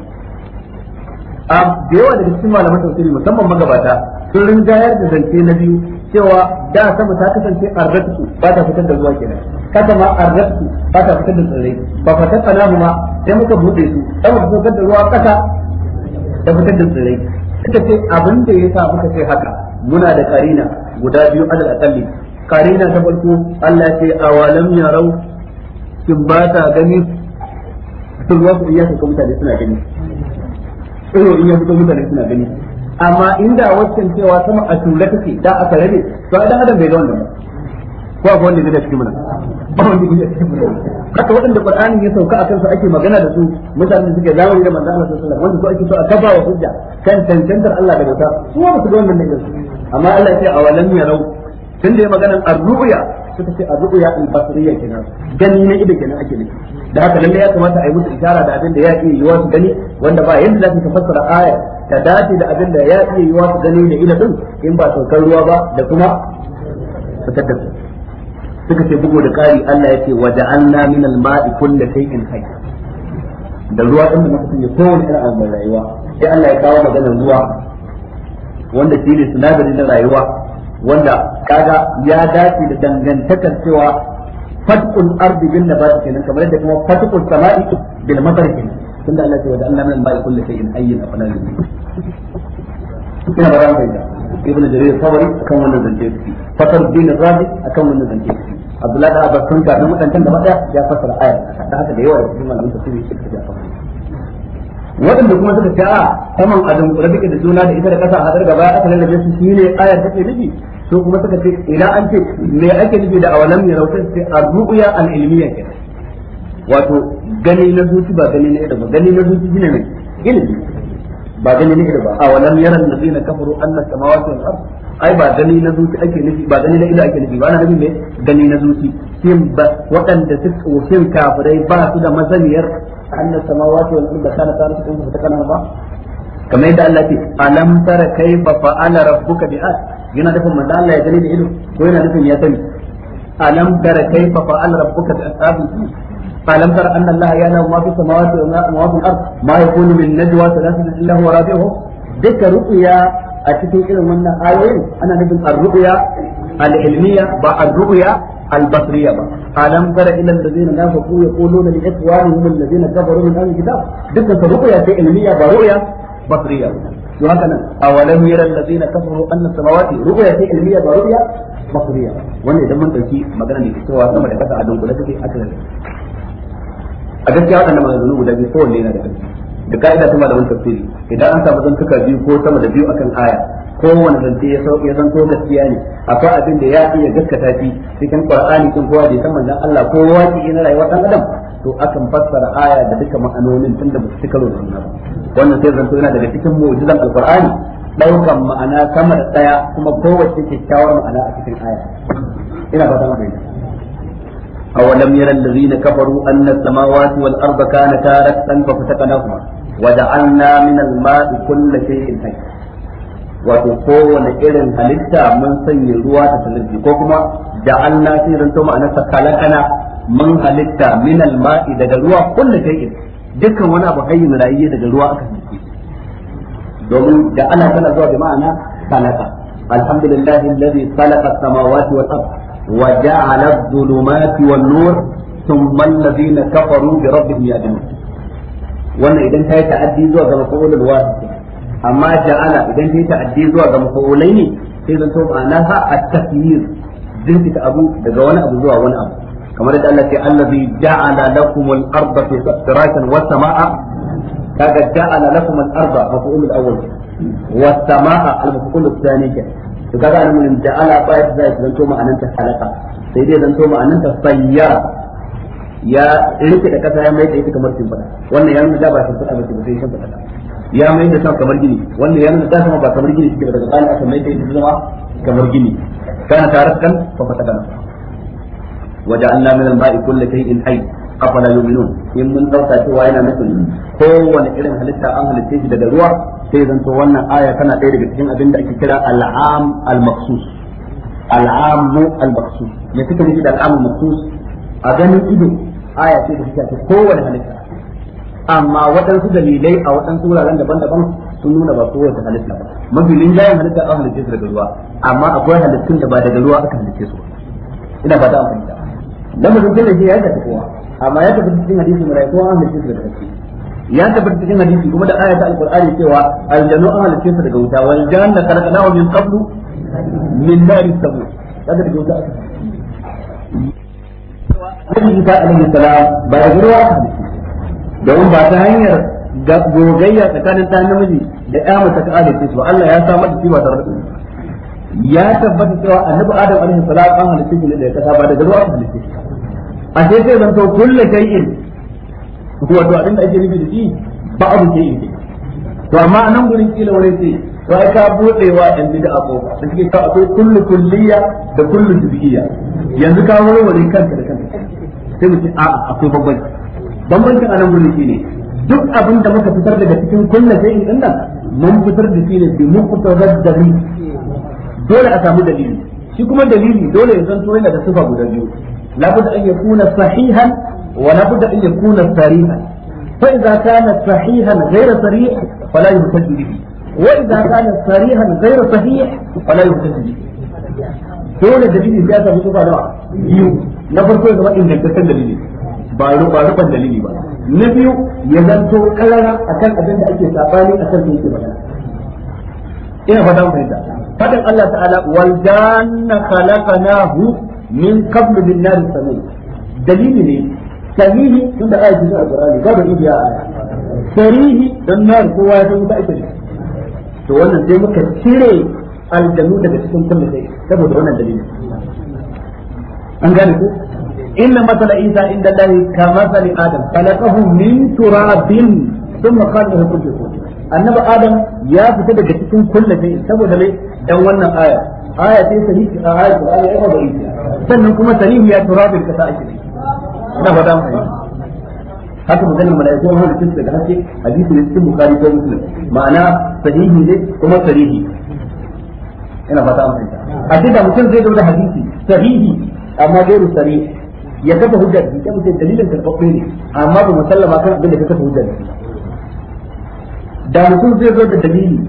a da yawa daga cikin malaman tafsiri musamman magabata sun rinjayar da zance na biyu cewa da sama ta kasance arzaki ba ta fitar da zuwa kenan haka ma arrabtu ba ta fitar da tsirrai ba fatar tsanahu ba, sai muka buɗe su sai muka fitar da ruwa ƙasa da fitar da tsirrai suka ce abin ya sa muka ce haka muna da karina guda biyu alal akalli karina ta farko Allah ce awalam yarau kin ba ta gani sun wasu in ya fito mutane suna gani tsiro in ya fito mutane suna gani inda waccan cewa sama a tura take da aka rabe to ai dan adam bai ga wannan ba ko akwai wanda ya ga cikin mana ba wanda yake haka waɗanda qur'anin ya sauka akan su ake magana da su mutanen suke zamani da manzo Allah sallallahu alaihi wasallam wanda su ake so a kaba wa hujja kan tantantar Allah da bauta su ba su ga wannan ne amma Allah ya ce a rau tun tunda ya magana ar-ru'ya suka ce ar-ru'ya al-basriya kenan gani na ido kenan ake nufi da haka lalle ya kamata a yi musu isara da abin da ya iya yiwa su gani wanda ba yadda za su fassara aya ta dace da abin da ya iya yiwa su gani da ido din in ba saukar ruwa ba da kuma fitar da su suka ce bugu da ƙari Allah ya ce wa ja'alna min al-ma'i kulli shay'in hayy da ruwa din da muka sanya kowane irin abu rayuwa sai Allah ya kawo maganar ruwa wanda shi ne sinadari na rayuwa wanda kaga ya dace da dangantakar cewa fatkul ardi bin nabati kenan kamar yadda kuma fatkul sama'i bil matar kenan tunda Allah ya ce wa ja'alna min al-ma'i kulli shay'in hayy afala yu'minun ina ba ran ibn jarir sabari akan wannan zance su fasar bin rabi akan wannan zance su abdullahi da abbas sun da matsaya ya fasara aya da haka da yawa da cikin malamin tafsiri shi da fasara wadanda kuma suka ce a saman adam da juna da ita da kasa hadar gaba aka lallabe su shine ayar take nufi so kuma suka ce ila an ce me ake nufi da awalam ya rauta sai ar al gani na zuci ba gani na ido ba gani na zuci shine ne ilimi ba gani ne ba a walam yaran ladina kafaru anna samawati wal ard ai ba gani na zuci ake nufi ba gani na ido ake nufi ba na nufin ne gani na zuci shin ba waɗanda suka wufin kafirai ba su da masaniyar anna samawati wal ard kana ta rufe kuma ta kana ba kamar yadda Allah ce alam tara kaifa fa'ala rabbuka bi'ad yana nufin manzo Allah ya gani da ido ko yana nufin ya sani alam tara kaifa fa'ala rabbuka bi ashabi ألم تر أن الله يعلم ما في السماوات وما في الأرض ما يكون من نجوى ثلاثة إلا هو رابعهم ذكر رؤيا a cikin irin wannan ayoyin ana nufin ar-ru'ya al-ilmiya ba ar-ru'ya al-basriya ba alam tara ila alladhina nafaqu yaquluna li ikhwanihim alladhina kafaru min ahli kitab dukkan sa ru'ya ce ilmiya ba ru'ya basriya to haka nan awalam yara alladhina kafaru anna samawati ru'ya ce ilmiya ba ru'ya basriya wannan idan mun dauki magana ne cewa sama da kasa a dunkule take a gaskiya ma maganganu guda biyu kowanne yana da ƙarfi da ka'ida ta malaman tafsiri idan an samu zantuka biyu ko sama da biyu akan aya wani zance ya sauke zan to gaskiya ne akwai abin da ya iya gaskata shi cikin qur'ani kin kowa da saman dan Allah ko waki ina rayuwa dan adam to akan fassara aya da duka ma'anonin tunda ba su cika da ba wannan sai zanto yana daga cikin mu'jizan alqur'ani ɗaukan ma'ana sama da daya kuma kowace kyakkyawar ma'ana a cikin aya ina ba ta fahimta أولم يرى الذين كفروا أن السماوات والأرض كانتا رتقا ففتقناهما وجعلنا من الماء كل شيء حي wato kowane irin halitta mun sanya ruwa ta sanarci ko kuma ja'alna fi ranto ma'ana sakalakana mun halitta min alma'i daga ruwa kullu shay'in dukkan wani abu hayyin rayuwa daga ruwa aka sanarci domin da ana tana zuwa ma'ana وجعل الظلمات والنور ثم الذين كفروا بربهم يعدلون wannan idan ta yi ta'addi zuwa ga mafa'ulul wasu amma ja'ala idan ta yi ta'addi zuwa ga mafa'ulai ne sai zanto ma'ana ha at-takyir jinkita abu daga wani abu zuwa wani abu kamar da Allah ce allazi ja'ala lakumul arda firashan was samaa kaga ja'ala lakumul arda mafa'ulul awwal was samaa al-mafa'ulul thani kenan to kaga an mun da ala ba ya zai zanto ma'anan ta halaka sai dai zanto ma'anan ta sayyara ya rike da kasa ya mai da ita kamar shin wannan ya nuna da ba shin fada ba sai shin fada ya mai da sama kamar gini wannan ya nuna da sama ba kamar gini cikin daga tsani aka mai da ita zama kamar gini kana tarakan fa fata kana min al-ma'i كل shay'in hayy afala yu'minun in mun dauka cewa yana nufin kowane irin halitta an halitta shi daga ruwa sai zan zanto wannan aya tana ɗaya daga cikin abin da ake kira al'am al maksus al'am al maksus me kike nufi da al'am al maksus a ganin ido aya ce da take kowane halitta amma waɗansu dalilai a waɗansu wuraren daban-daban sun nuna ba kowace halitta ba mafi linjayen halitta an halitta su daga ruwa amma akwai halittun da ba daga ruwa aka halitta su ina ba ta amfani da lamarin dole shi ya shafi kowa amma ya tabbata cikin hadisi rayuwa an halitta su daga haske ya tabbata cikin hadisi kuma da ayata alqur'ani cewa aljannu an halitta su daga wuta wal janna khalaqnahu min qablu min nari sabu daga daga wuta Nabi Isa alaihi salam ba ya gurwa domin ba ta hanyar gogayya tsakanin ta namiji da ya mata ka adalci ba Allah ya samar da shi ba tare da ya tabbata cewa annabi Adam alaihi salam an halitta shi ne daga kasa ba daga ruwa aka halitta shi a sai sai zan to kullu shay'in wato abin da ake nufi da shi ba abu ke yi to amma a nan gurin kila wurin sai to ai ka budewa wa bi da abu kofa da suke ka akwai kullu kulliya da kullu juz'iyya yanzu ka wuri kanka da kanka sai mu ce a'a akwai babban bambancin a nan gurin shine duk abin da muka fitar daga cikin kullu shay'in din nan mun fitar da shi ne bi da dalil dole a samu dalili shi kuma dalili dole ya zanto yana da sifa guda biyu لا بد أن يكون صحيحا ولا بد أن يكون صريحا فإذا كان صحيحا غير صريح فلا يهتد به وإذا كان صريحا غير صحيح فلا يهتد به دولة دليل في هذا المصطفى نوع يو نفر كل ما إن جدت دليل بارو بارو بن دليل بارو نبيو يزنتو كلنا أكل أبن أكي سابالي أكل بيك بنا إنا فتاو فريدا الله تعالى والجان خلقناه min qablu min nar samin dalili ne sahihi tun da ayatu da alqur'ani ba da ibiya aya sarihi dan nar kowa ya san da ake to wannan sai muka cire daga cikin kullu saboda wannan dalili an gane ko inna masala isa inda allahi ka masali adam khalaqahu annabi adam ya fita daga cikin kullu sai saboda mai dan wannan aya aya ce sahihi a aya Qur'ani ai ba ita sannan kuma sahihi ya turabin kasa ake ina fada mu haka maganar mala'iku wani da daga haske hadisi ne cikin bukari ko muslim ma'ana sahihi ne kuma sahihi ina fata mu fahimta a mutum zai amma ya kafa hujja da ita mutum dalilin karɓaɓɓe ne amma ba musallama kan abin da ka kafa hujja da da mutum zai zo da dalili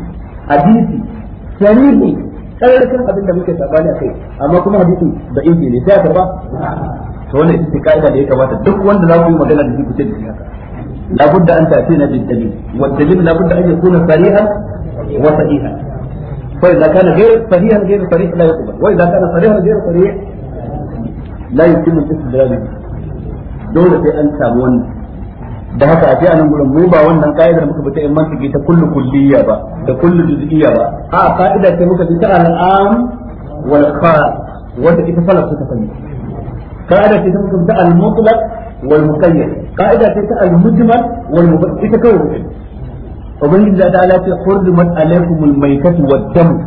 hadisi sahihi tsarrakin abin da muke sabani akai amma kuma hadisin da inji ne sai ka ba to ne shi kaida da ya kamata duk wanda za ku yi magana da shi ku ce da haka labudda an tina bil dalil wa dalil la budda an yakuna sarihan wa sahihan fa idza kana ghayr sahihan ghayr sarih la yuqbal wa idza kana sarihan ghayr sarih la yuqbal al-istidlal dole sai an samu wannan da haka a ce anan gurin mu ba wannan ka'idar muka bi ta in mantiki ta kullu kulliyya ba da kullu juz'iyya ba a ka'idar ce muka bi ta al'am wal khas wanda ita salaf suka sani ka'idar ce ta muka bi ta al-mutlaq wal muqayyad ka'idar ce ta al-mujmal wal mubayyad ita kawai ubangiji da ta'ala ce hurrimat alaykumul maytatu wad dam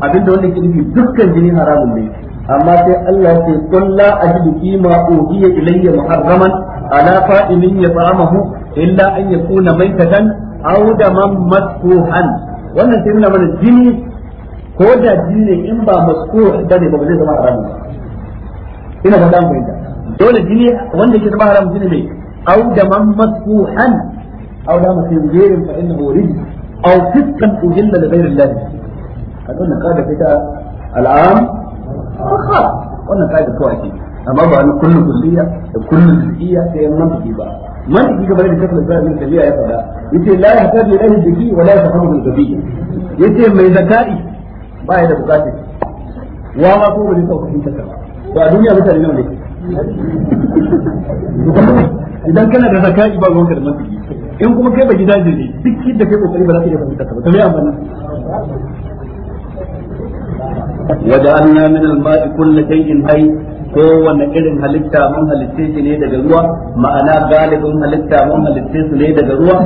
abinda wannan ke nufi dukkan jini haramun ne amma sai Allah ya ce qul la fi ma uhiya ilayya muharraman ala fa'imin yat'amahu illa an yakuna maitatan aw daman masfuhan wannan sai nuna mana jini ko da jini in ba masfuh bane ba zai zama haramun ina ba dan fahimta dole jini wanda yake zama haramun jini ne aw daman masfuhan aw daman khinzirin fa innahu rijs aw fiskan ujilla li ghayri Allah amma ba an kullu kulliya da kullu juz'iyya sai man mantiki ba man mantiki kamar da kasar da bin tabiya ya faɗa yace la yahtaju ilayhi dhiki wa la yafahamu al-ghabiyya yace mai zakai ba ya da bukata wa ma ko bai sauka fahimta ba duniya ba duniya mutane nawa ne idan kana da zakai ba ruwanka da tafi, in kuma kai ba gidaje ne duk da kai kokari ba za ka iya fahimta ka ba kamar amfani وجعلنا من الماء كل شيء حي Kowane irin halitta mun halitte shi ne daga ruwa ma'ana galibin halitta mun halitte su ne daga ruwa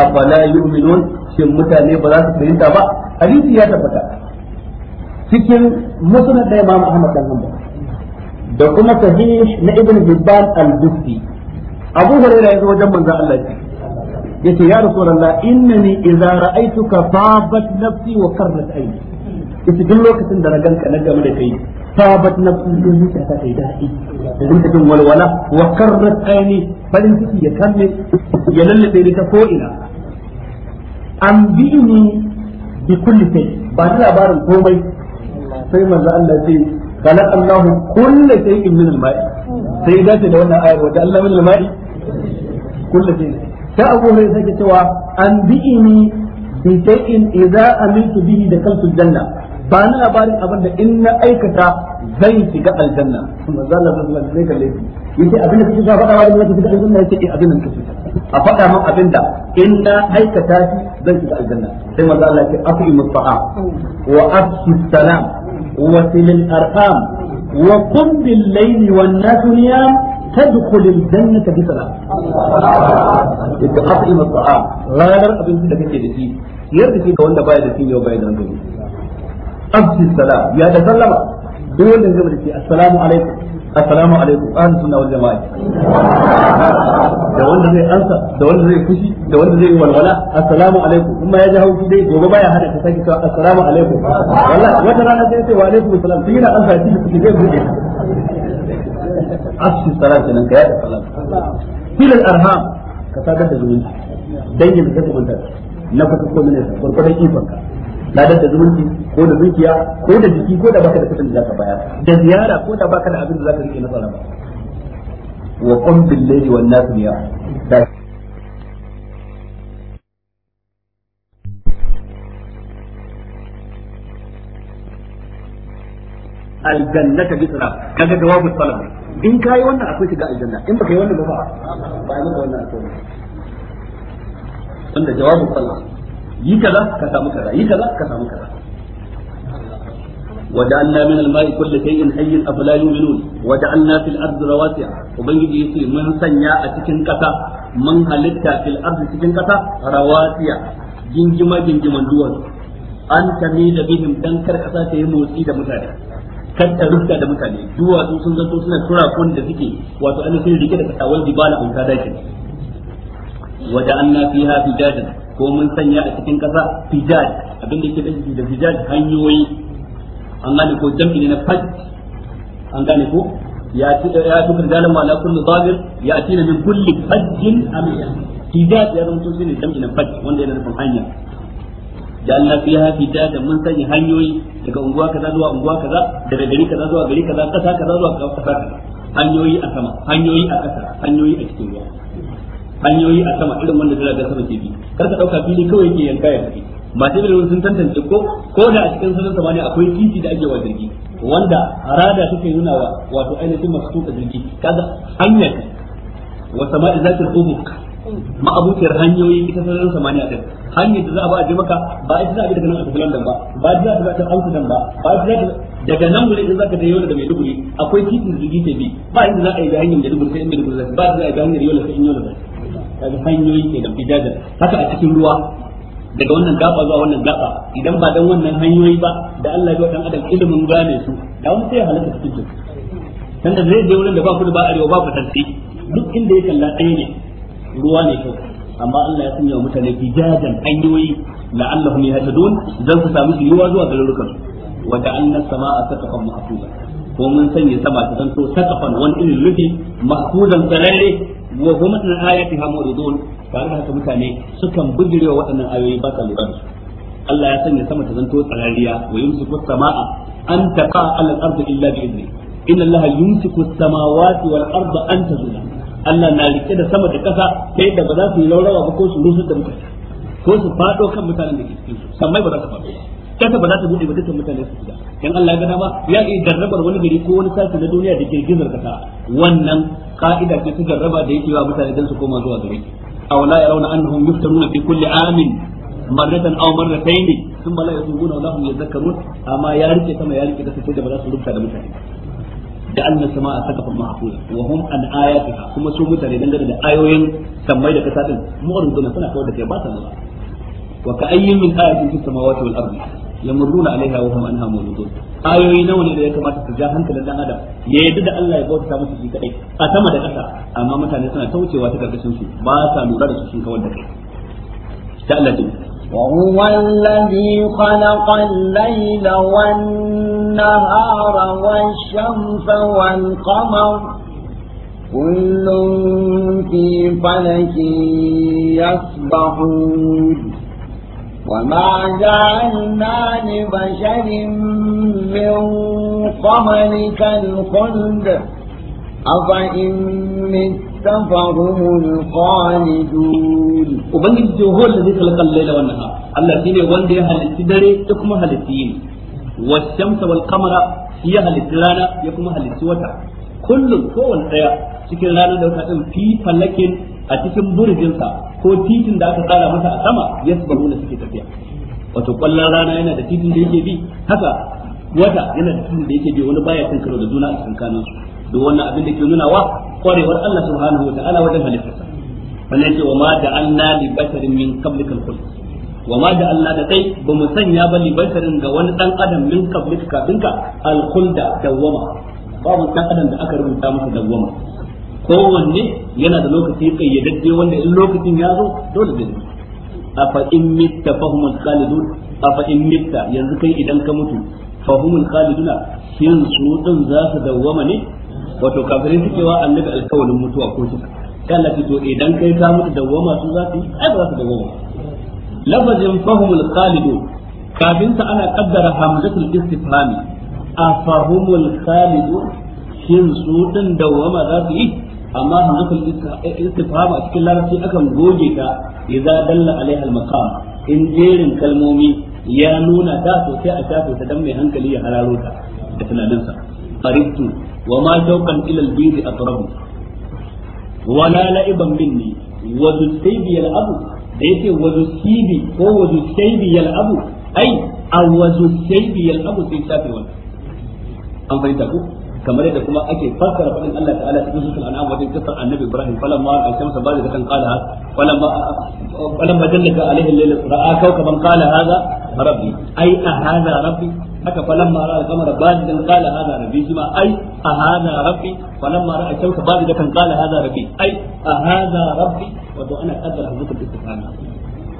afala yu'minun shin mutane ba za su fahimta ba hadisi ya tabbata cikin musnad da Imam Ahmad dan Hanbal da kuma sahih na Ibn Hibban al-Busti Abu Hurairah yazo wajen manzon Allah yace ya Rasulullah innani idza ra'aytuka fabat nafsi wa qarrat ayni yace duk lokacin da na ganka na game da kai fabat nafsi sun zuciya ta kai daɗi da rinka jin walwala wa karrat aini farin ciki ya kalle ya lallabe ni ta ko ina an ni bi kulli sai. ba da labarin komai sai manzo Allah ce kana Allahu kulli in min al-ma'i sai da ta da wannan ayar Da Allah min al-ma'i kulli shay'in sai Abu Hurairah sake cewa an bi ni bi shay'in idza amiltu bihi dakaltu al-janna ba ni labarin abin da in na aikata zai shiga aljanna manzo Allah sallallahu alaihi wasallam kalle shi yace abin da kake ga faɗa wani zai shiga aljanna yace eh abin da a faɗa min abin da in na aikata shi zai shiga aljanna sai manzo Allah ce afi musta'a wa afsu salam wa silil arham wa qum bil layli wan nas تدخل الجنة بسلام. يتقطع الطعام غير أبن سيدك يدتي يرتكي كون بايد فيه وبايد عنده abdi salam ya da sallama duk da wanda zai ansa da wanda zai fushi da wanda zai walwala assalamu alaikum ya ji haushi dai gobe baya hada ta sake cewa wa alaikum assalam sai yana ya da salam filal arham ka sadar da na ko ko da dukiya ko da jiki ko da baka da kudin da zaka bayar da ziyara ko da baka da abin da zaka rike na ba wa qum bil layli wan nas niya aljannata bisra kaga jawabu salam in kai wannan akwai shiga aljanna in baka yi wannan ba ba ba da wannan akwai wanda jawabu salam yi kaza ka samu kaza yi kaza ka samu kaza وجعلنا من الماء كل شيء حي أفلا يؤمنون وجعلنا في الأرض رواسي وبنجي يسي من سنيا أتكن كتا من هلتا في الأرض تكن كتا رواسي جنجما جنجما دول أن تميد بهم دنكر كتا تهمو سيدا متعدا katta rufta da mutane duwatsu sun zanto suna turakun da suke wato an sun rike da katawar dibala an ta dakin waje an na fiha fijajan ko mun sanya a cikin kasa fijaj da ke da fijaj hanyoyi an gane ko jam'i na faj an gane ko ya ci ya ci dalan ma la kullu zabir ya ci min kulli fajjin amiya hijab ya to shine jam'i na faj wanda yana nufin hanya da Allah fiha da mun sanya hanyoyi daga unguwa kaza zuwa unguwa kaza daga gari kaza zuwa gari kaza kasa kaza zuwa kasa hanyoyi a sama hanyoyi a kasa hanyoyi a cikin ruwa hanyoyi a sama irin wanda zai ga sama ke bi kar ka dauka fili kawai ke yanka ya fiti masu ilimin sun tantance ko ko da a cikin sararin samaniya akwai titi da ake wa jirgi wanda rada take nuna wa wato ainihin masu tuka jirgi kaga hanyar wa sama'i zatil ufuq ma'abuciyar hanyoyi ita sararin samaniya din hanyar da za a ba a je maka ba ita za a bi daga nan a tafi London ba ba ita za a tafi Amsterdam ba ba ita za daga nan wurin in zaka je yau da Maiduguri akwai titin da jirgi ke bi ba inda za a yi hanyar Maiduguri sai in Maiduguri ba za a yi hanyar yau da sai in yau da kaga hanyoyi ke da fijajar haka a cikin ruwa daga wannan gaba zuwa wannan gaba idan ba dan wannan hanyoyi ba da Allah ya dan adam ilimin gane su da wani sai halaka cikin su dan da zai je wurin da ba kudu ba arewa ba fatarsi duk inda ya kalla ɗaya ne ruwa ne kawai amma Allah ya sanya mutane bijajan hanyoyi la'allahum yahtadun dan su samu yiwa zuwa garurukan wa ta'anna sama'a satqan mahfuzan ko mun sanya sama ta zanto satqan wani irin rufi mahfuzan tsalalle wa hum min ayatiha muridun tare da haka mutane sukan bijirewa waɗannan ayoyi ba sa lura da Allah ya sanya sama ta zanto tsarariya wa yumsiku samaa an taqa ala al-ardi illa bi idni inna Allah yumsiku as-samawati wal arda an tazula Allah na rike da sama da kasa sai da ba za su yi laurawa ba ko su rusu da mutane ko su fado kan mutanen da ke cikin su sammai ba za su fado kasa ba za ta bude ba dukkan mutane su fita dan Allah ya ga dama ya yi darrabar wani gari ko wani sashi na duniya da ke girgizar kasa wannan ka'ida ce ta jarraba da yake wa mutane dan su koma zuwa gare ki aw la yarawna annahum yuftaruna fi kulli amin marratan aw marratayn thumma la yatubuna wa lahum yadhakkarun amma ya rike sama ya rike da sai da ba za su rubuta da mutane da anna sama'a saqafun mahfuza wa hum an ayatiha kuma su mutane dangane da ayoyin sammai da kasa din mu'riduna suna da kai ba sa nuna min ayatin fis samawati yamurruna alaiha wa hum anha muridun ayoyi nawa ne da ya kamata su ja hankalin dan adam ya yadda da Allah ya bauta musu shi kadai a sama da kasa amma mutane suna taucewa ta karkashin su ba sa lura da su sun kawar da kai ta Allah وهو الذي خلق الليل والنهار والشمس والقمر كل في فلك يسبحون وما جعلنا لبشر من قبلك الخلد أفإن مت فهم الخالدون وبنجد هو الذي خلق الليل والنهار الله سيني وندي هل السدري تكما هل السيين والشمس والقمر هي هل السلانة يكما هل السوتا كل كون سيا cikin ranar da wata din fi falakin a cikin burjinsa ko titin da aka tsara masa a sama yasbahuna suke tafiya wato kwallon rana yana da titin da yake bi haka wata yana da titin da yake bi wani baya cin karo da juna a tsakankanin su duk wannan abin da ke nuna wa kwarewar Allah subhanahu wa ta'ala wajen halittarsa wannan ce wa ma da Allah li basharin min qablika al-khuld wa ma da Allah da kai ba mu sanya ba li basharin ga wani dan adam min qablika kafinka al-khulda dawwama babu dan adam da aka rubuta masa dawama. kowanne yana da lokaci kayyadadde wanda in lokacin ya zo dole zai A afa in mitta fahumul khalidun afa in mitta yanzu kai idan ka mutu fahumul khaliduna shin su din za su dawwama ne wato kafirin suke wa annabi alkawalin mutuwa ko shi kalla to idan kai ka mutu dawwama su za su ai ba su dawwama lafazin fahumul khalidun kafin sa ana kaddara hamzatul istifhami afahumul khalidun shin su din dawwama za su yi amma hamzatul istifham a cikin larabci akan goge ta idza dalla alaiha al-maqam in jerin kalmomi ya nuna ta sosai a shafe ta dan mai hankali ya hararo ta da tunaninsa qarittu wa ma shauqan ila al-bid atrabu wa la la'iban minni wa dusaybi al-abu da yake wa dusaybi ko wa dusaybi al-abu ai aw wa dusaybi al-abu sai shafe wannan an fahimta ku كما لدى كما أكيد فكر فإن الله تعالى في سورة الأنعام وفي قصة عن النبي إبراهيم فلما الشمس بارزة كان قالها فلما فلما جلك عليه الليل رأى كوكبا قال هذا ربي أي أهذا ربي حتى فلما رأى القمر بارزة قال هذا ربي ثم أي أهذا ربي فلما رأى الشمس بارزة كان قال هذا ربي أي أهذا ربي وذو أنا أدرى حدوث الاستفهام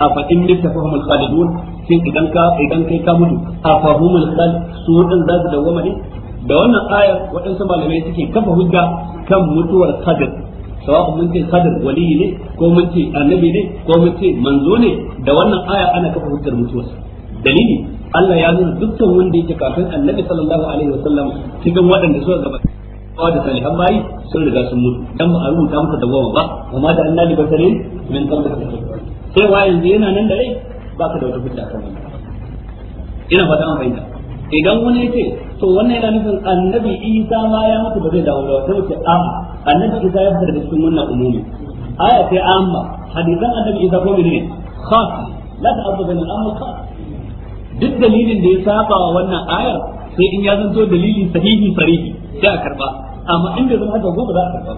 أفإن مت فهم الخالدون شيء إذا كا إذا كا مدو أفهم الخال سوء الزاد دوما da wannan aya waɗansu malamai suke kafa hujja kan mutuwar Khadir sawa'un mun ce Khadir waliyi ne ko mun ce annabi ne ko mun ce manzo ne da wannan aya ana kafa hujjar mutuwarsa dalili Allah ya nuna dukkan wanda yake kafin annabi sallallahu alaihi wasallam cikin waɗanda suka gaba Wa da salihan bayi sun riga sun mutu dan ba a rubuta da gowa ba amma da annabi basarin min kamar sai wa yanzu yana nan da rai baka da wata hujja kan wannan ina fata an fahimta idan wani ce to wannan yana nufin annabi isa ma ya mutu ba zai dawo ba sai wace am annabi isa ya fitar da cikin wannan umumi aya sai amma hadisan annabi isa ko menene khas la ta'abdu bil am wal khas duk dalilin da ya saba wa wannan Aya sai in ya zanto dalili sahihi sarihi sai a karba amma inda zan haka gobe za a karba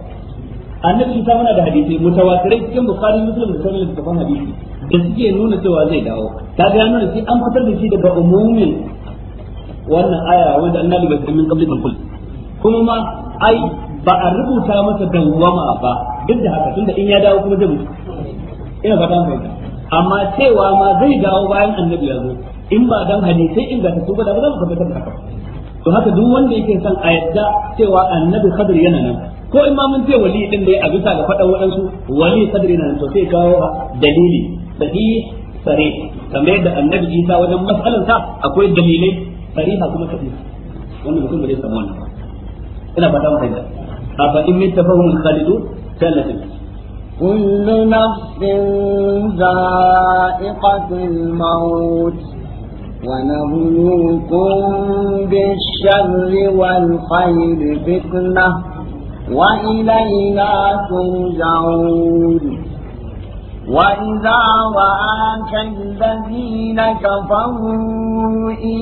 annabi isa muna da hadisi mutawatirai cikin bukhari muslim da da littafan hadisi da suke nuna cewa zai dawo ta ga nuna sai an fitar da shi daga umumin wannan aya wanda annabi bai san min qablikum kul kuma ma ai ba a rubuta masa wama ba duk da haka tunda in ya dawo kuma zai ina fata mun fahimta amma cewa ma zai dawo bayan annabi ya zo in ba dan hadisai inganta su ba da ba za mu da haka to haka duk wanda yake son a yadda cewa annabi khadir yana nan ko in ma mun ce wali din da ya bisa ga faɗan waɗansu wali khadir yana nan to sai kawo dalili sahih sare kamar yadda annabi isa wajen sa akwai dalilai صريحة كما تقول وانا بكل مريد سموانا انا فتاوى حيدا افا امي تفهم كل نفس ذائقة الموت ونبلوكم بالشر والخير فتنة وإلينا ترجعون وإذا رآك الذين كفروا إن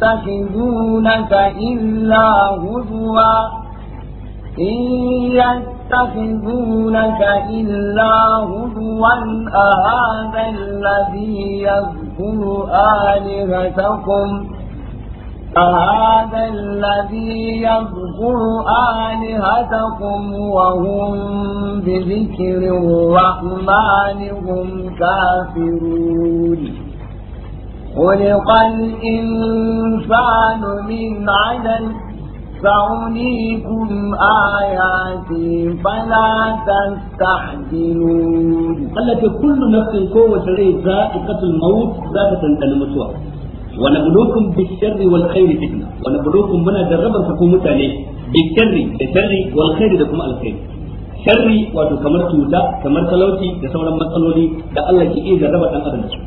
يتخذونك إلا هزوا إن يتخذونك إلا هزوا أهذا الذي يذكر آلهتكم أهذا الذي يذكر آلهتكم وهم بذكر الرحمن هم كافرون خلق الإنسان من عدل سأريكم آياتي فلا تستعجلون التي كل نفس قوة ذائقة الموت ذات تنتهي المسوى wa nabluukum bish-sharri wal khairi fitna wa nabluukum muna jarrabar ku mutane bish-sharri da sharri wal khairi da kuma alkhairi sharri wato kamar cuta kamar talauci da sauran matsaloli da Allah ke iya jarraba dan adam su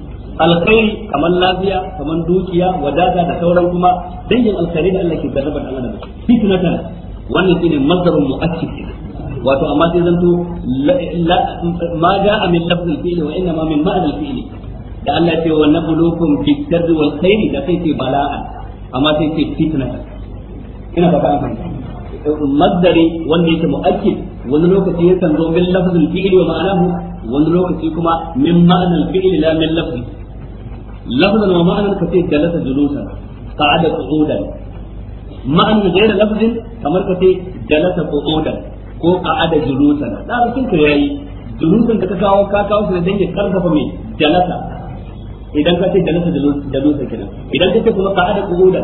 alkhairi lafiya kamar dukiya wadata da sauran kuma dangin alkhairi da Allah ke jarraba dan adam su fitna ta min wa min da Allah ce wa nabluukum bi sharri wal khairi da sai ce bala'an amma sai ce fitnatan ina ba ta maddari wanda yake mu'akkid wani lokaci yakan zo wa ma'anahu wani lokaci kuma min ma'anal la min lafzi lafzan wa ka ce jalasa julusan qa'ada qu'udan ma'anan ghayra lafzin kamar ka ce jalasa qu'udan ko qa'ada julusan da kin ka yayi julusan da ka kawo ka kawo shi dan ya karfafa mai jalasa idan ka ce jalasa jalusa kenan idan ka ce kuma qa'ada qu'udan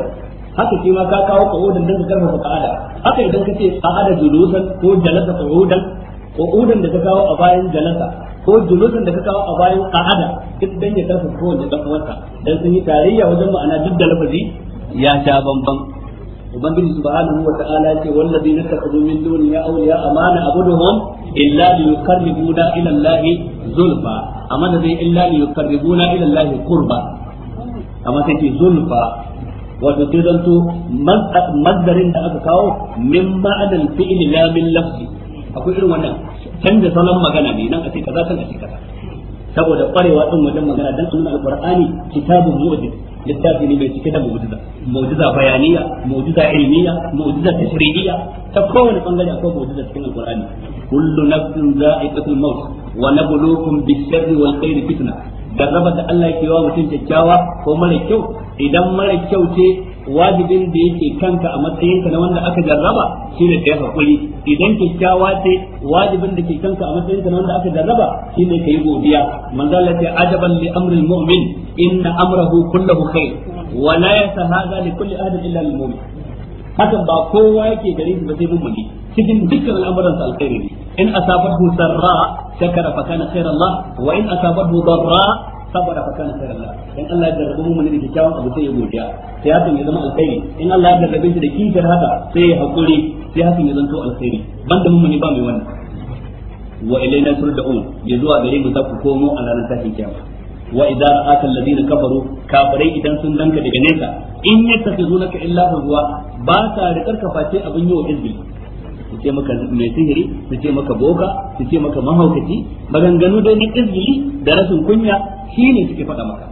haka shi ma ka kawo qu'udan dan ka karfafa qa'ada haka idan ka ce qa'ada julusan ko jalasa qu'udan qu'udan da ka kawo a bayan jalasa ko julusan da ka kawo a bayan qa'ada duk dan ya karfafa kowanne dan uwarsa dan sun yi tarayya wajen ma'ana duk da lafazi ya sha bambam ubangiji subhanahu wa ta'ala yace wallazina takhudhu min duni ya awliya amana abuduhum illa liyuqarribuna ila allahi zulfa amana zai illa liyuqarribuna ila allahi qurba amma sai ce zulfa wato sai da aka kawo min ma'adal fi'li la min lafzi akwai irin wannan canza salon magana ne nan a ce kaza kan a ce kaza saboda kwarewa din wajen magana dan alqur'ani kitabun mu'jiz littafi ne mai cike da mu'jiza mu'jiza bayaniya mu'jiza ilmiya mu'jiza tashri'iyya ta kowane bangare akwai mu'jiza cikin alqur'ani kullu nafsin za'iqatul maut wa nabluukum bish-sharri wal khairi fitna jarraba da Allah yake wa mutum kyakkyawa ko mara kyau idan mara kyau ce wajibin da yake kanka a matsayinka na wanda aka jarraba shi shine kai hakuri idan kikkiawa ce wajibin da ke kanka a matsayinka na wanda aka jarraba shine kai godiya manzo Allah ya ajaban li amril mu'min inna amrahu kulluhu khair wa la yatahaza li kulli ahadin illa lil mu'min hakan ba kowa yake gare ba sai mummuni cikin dukkan al'amuran sa alkhairi ne in asabathu sarra shakara fa kana khairan lah wa in asabathu darra saboda fa kana sayar Allah in Allah ya jarrabu mu da kyakkyawan abu sai ya godiya sai hakan ya zama alkhairi in Allah ya jarrabe shi da kishar haka sai ya hakuri sai hakan ya zanto alkhairi banda mu ne ba mai wannan wa ilayna turda'un ya zuwa gare mu za ku komo a ranar tashin kiyama wa idza ra'aka alladhina kafaru kafirai idan sun danka daga nesa in ka illa huwa ba ta da karkafa ce abin yau wa izbi su ce maka mai sihiri su ce maka boka su ce maka mahaukaci maganganu dai na izgili da rasin kunya shi ne suke faɗa maka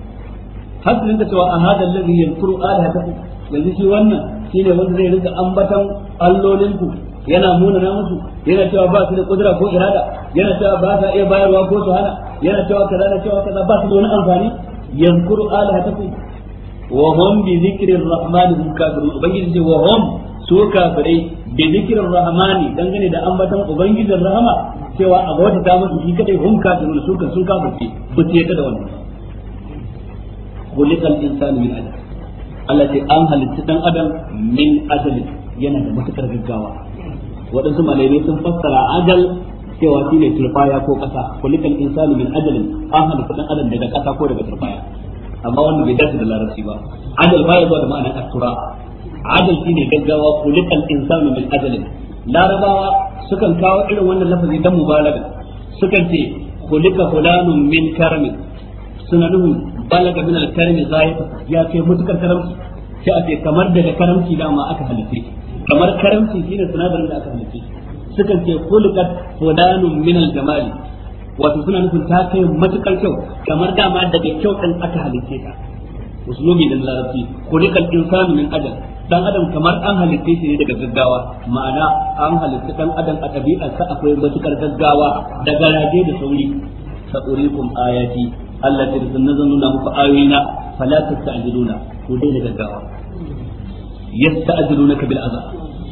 har da cewa a hada ya allazi yankuru alihatakum yanzu shi wannan shi ne wanda zai rinka ambatan allolinku yana muna na musu yana cewa ba su da kudura ko irada yana cewa ba sa iya bayarwa ko su hana yana cewa kaza na cewa kaza ba su da wani amfani yankuru ta ku wa hum bi zikri rahmani hum kafirun ubangiji ce wa hum su kafirai bi zikrir rahmani dangane da ambatan ubangijin rahama cewa a bauta ta musu shi kadai hum kafirun su ka sun kafirce ba ce ta da wannan kulikal insani min adam Allah ce an halitta dan adam min ajalin yana da matukar gaggawa waɗansu malamai sun fassara ajal cewa shi ne turfaya ko ƙasa kulikal insani min ajalin an halitta dan adam daga ƙasa ko daga turfaya amma wannan bai dace da larabci ba ajal baya zuwa da ma'anar asura Adalci ne gaggawa likal insanu min adalin. larabawa sukan kawo irin wannan lafazi dan mubalaga sukan ce kulika fulanun min karami suna nuhun balaga min alkarami zai ya ce mutukar karamci sai a ce kamar daga karamci dama aka halitta kamar karamci shine sunadarin da aka halitta sukan ce kulika fulanun min aljamali wato suna nufin ta kai matukar kyau kamar dama daga kyau din aka halitta ta usulubi da larabci kulikal insanu min adalin. dan adam kamar an halitta shi ne daga gaggawa ma'ana an halitta dan adam a tabi'arsa akwai matukar gaggawa da garaje da sauri sa'urikum ayati allati nuna muku ayoyina fala tasta'jiluna ku dai daga gaggawa yasta'jilunaka bil azab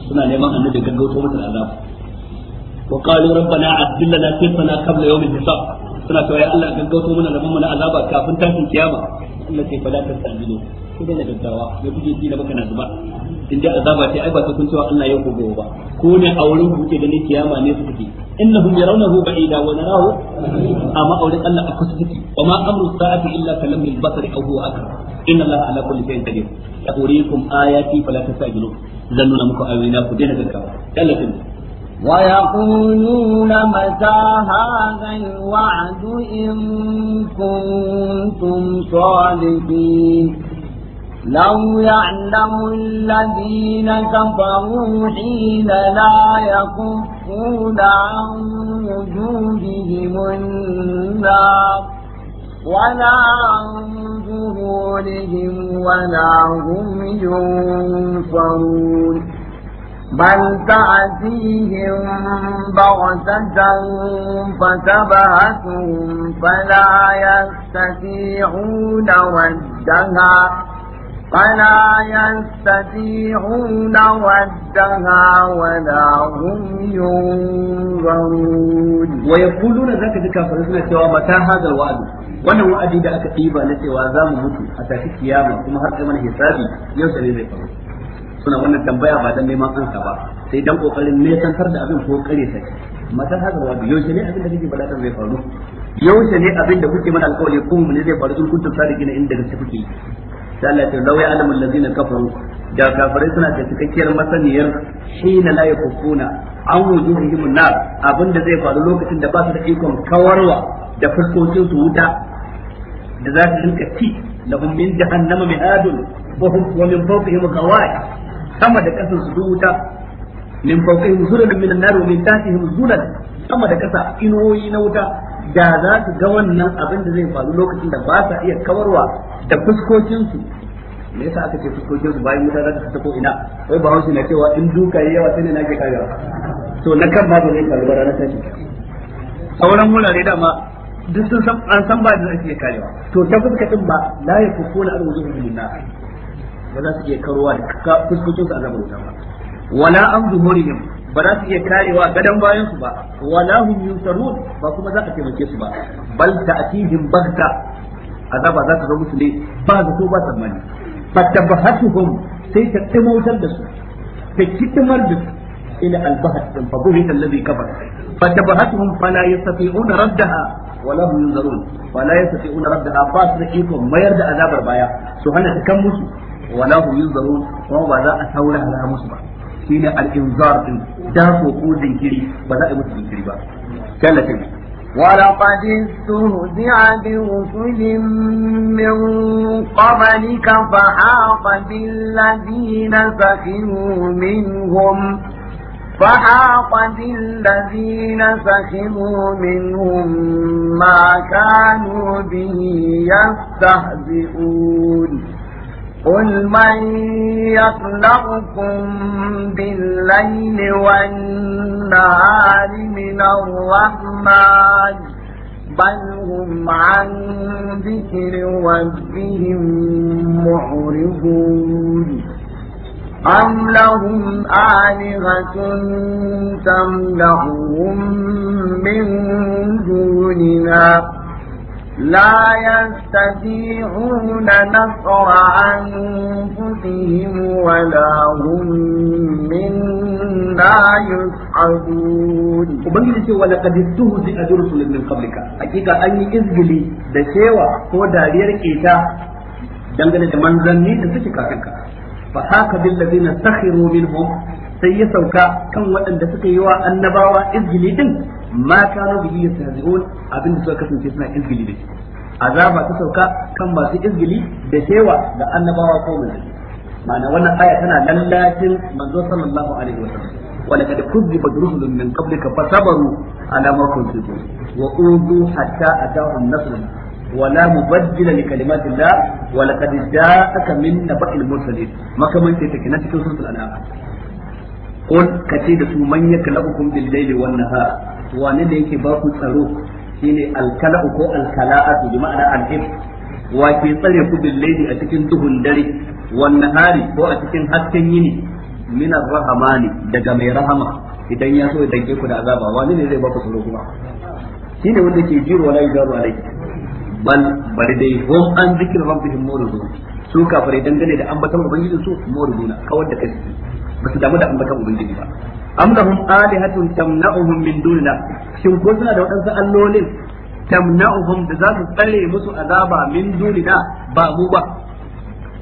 suna neman annabi gaggauto mata azab wa qalu rabbana addil lana qitana qabla yawm al-hisab suna cewa ya Allah gaggauto mana rabban mu na azaba kafin tashin kiyama allati fala tasta'jiluna ku daina gaggawa ya kuke ji na baka na zuba in dai azaba ce ai ba ta kun cewa Allah yau ko gobe ba ko ne a wurin ku kuke ganin kiyama ne su kuke innahum yarawnahu ba'ida wa narahu amma auren Allah a kusa take wa ma amru sa'ati illa kalamil basari aw huwa akbar inna Allah ala kulli shay'in qadir yaqurikum ayati fala tasajilu zan nuna muku ayoyina ku daina gaggawa kallatin ويقولون متى هذا الوعد إن كنتم صادقين لو يعلم الذين كفروا حين لا يكفون عن وجوههم النار ولا عن ظهورهم ولا هم ينصرون بل تأتيهم بغتة فتبهتهم فلا يستطيعون ردها فلا يستطيعون ردها ولا هم ينظرون ويقولون ذاك ذكا فرسنا سوى متى هذا الوعد wannan wa'adi da aka ɗiba na cewa za mu mutu a tafi kiyama kuma har sai mana hisabi yau sai zai faru suna wannan tambaya ba dan neman ansa ba sai dan kokarin ne santar da abin ko kare ta mata haka wa yau ne abin da kike bada zai faru yau ne abin da kuke mana alƙawari ko mun zai faru kun kuntum sadiqina inda gaske kuke sai Allah ya ce lawa ya'lamu allazina kafaru da kafirai suna da cikakkiyar masaniyar shi na la yakufuna an wujuhihim nar abinda zai faru lokacin da ba su da ikon kawarwa da fuskocin su wuta da za su rinka ci lahum min jahannama mi'adun wa hum wa min fawqihim ghawai sama da kasan su wuta min fawqihim zulal min an-nar wa min tahtihim zulal sama da kasa inuwoyi na wuta da za su ga wannan abin da zai faru lokacin da ba sa iya kawarwa da fuskokinsu me yasa aka ce fuskokinsu bayan mutane za su ta ko ina wai ba na cewa in duka yi yawa sai ne nake kaga to na kan ma ba zai karu ba ranar tashi sauran wurare dama duk sun san an san ba da zai iya karewa to ta fuska din ba la ya kufuna an wujuhu min nar ba za su iya karuwa da fuskokinsu a zabar wuta ba wala an zuhurihim ba za su iya karewa gadon bayan su ba wala hum yusarun ba kuma za ka taimake su ba bal ta'tihim bagta azaba za ka zo musu ne ba zato ba tsammani ba fatabahatuhum sai ta timautar da su ta kitimar da su ila albahat fabuhita alladhi kafara fatabahatuhum fala yastati'una raddaha wala hum yunzarun fala yastati'una raddaha ba su da iko mayar da azabar baya su hana ta kan musu wala hum yunzarun kuma ba za a saurara musu ba shine al-inzar din da ko ko jinkiri ba za a yi musu jinkiri ba kallatin ولقد استهزئ برسل من قبلك فحاق بالذين سخروا منهم فحاق بالذين سخروا منهم ما كانوا به يستهزئون قل من يخلقكم بالليل والنهار من الرحمن بل هم عن ذكر ربهم معرضون أم لهم آلهة تمنعهم من دوننا لا يستطيعون نصر أنفسهم ولا هم منا يسعدون وبنجد سوى لقد استهزئ برسل من قبلك حقيقة أني إذجلي دشيوة هو دارير كيتا dangane da manzanni da suke kafinka fa haka bil ladina sakhiru minhum sai ya sauka kan waɗanda suka yi wa annabawa izgili din ma kanu bihi yastahzi'un abin da suka kasance suna izgili da shi azaba ta sauka kan masu izgili da shewa da annabawa ko manzanni ma'ana wannan aya tana lallacin manzo sallallahu alaihi wasallam ولقد كذبت رسل من قبلك فصبروا على ما da وأوذوا حتى أتاهم نصرنا ولا مبدل لكلمات الله ولقد جاءك من نبأ المرسلين ما كمان تتكنا في سورة الأنعام قل كتيدة من يكلأكم بالليل والنهار wane da yake ba ku tsaro shine alkala'u ko alkala'atu bi ma'ana al-hib wa ke tsare ku bil a cikin duhun dare Wannan nahari ko a cikin hasken yini min ar-rahmani daga mai rahama idan ya so ya danke ku da azaba wani ne zai ba ku tsaro kuma shine wanda ke jiro wala yujaru alayhi bal bari dai ko an zikr rabbihim muridun su kafirai dangane da ambaton ubangijin su muriduna kawar da kai ba su damu da ambaton ubangiji ba am lahum alihatun tamna'uhum min dunina shin ko suna da waɗansu allolin tamna'uhum da za su tsare musu azaba min dunina ba mu ba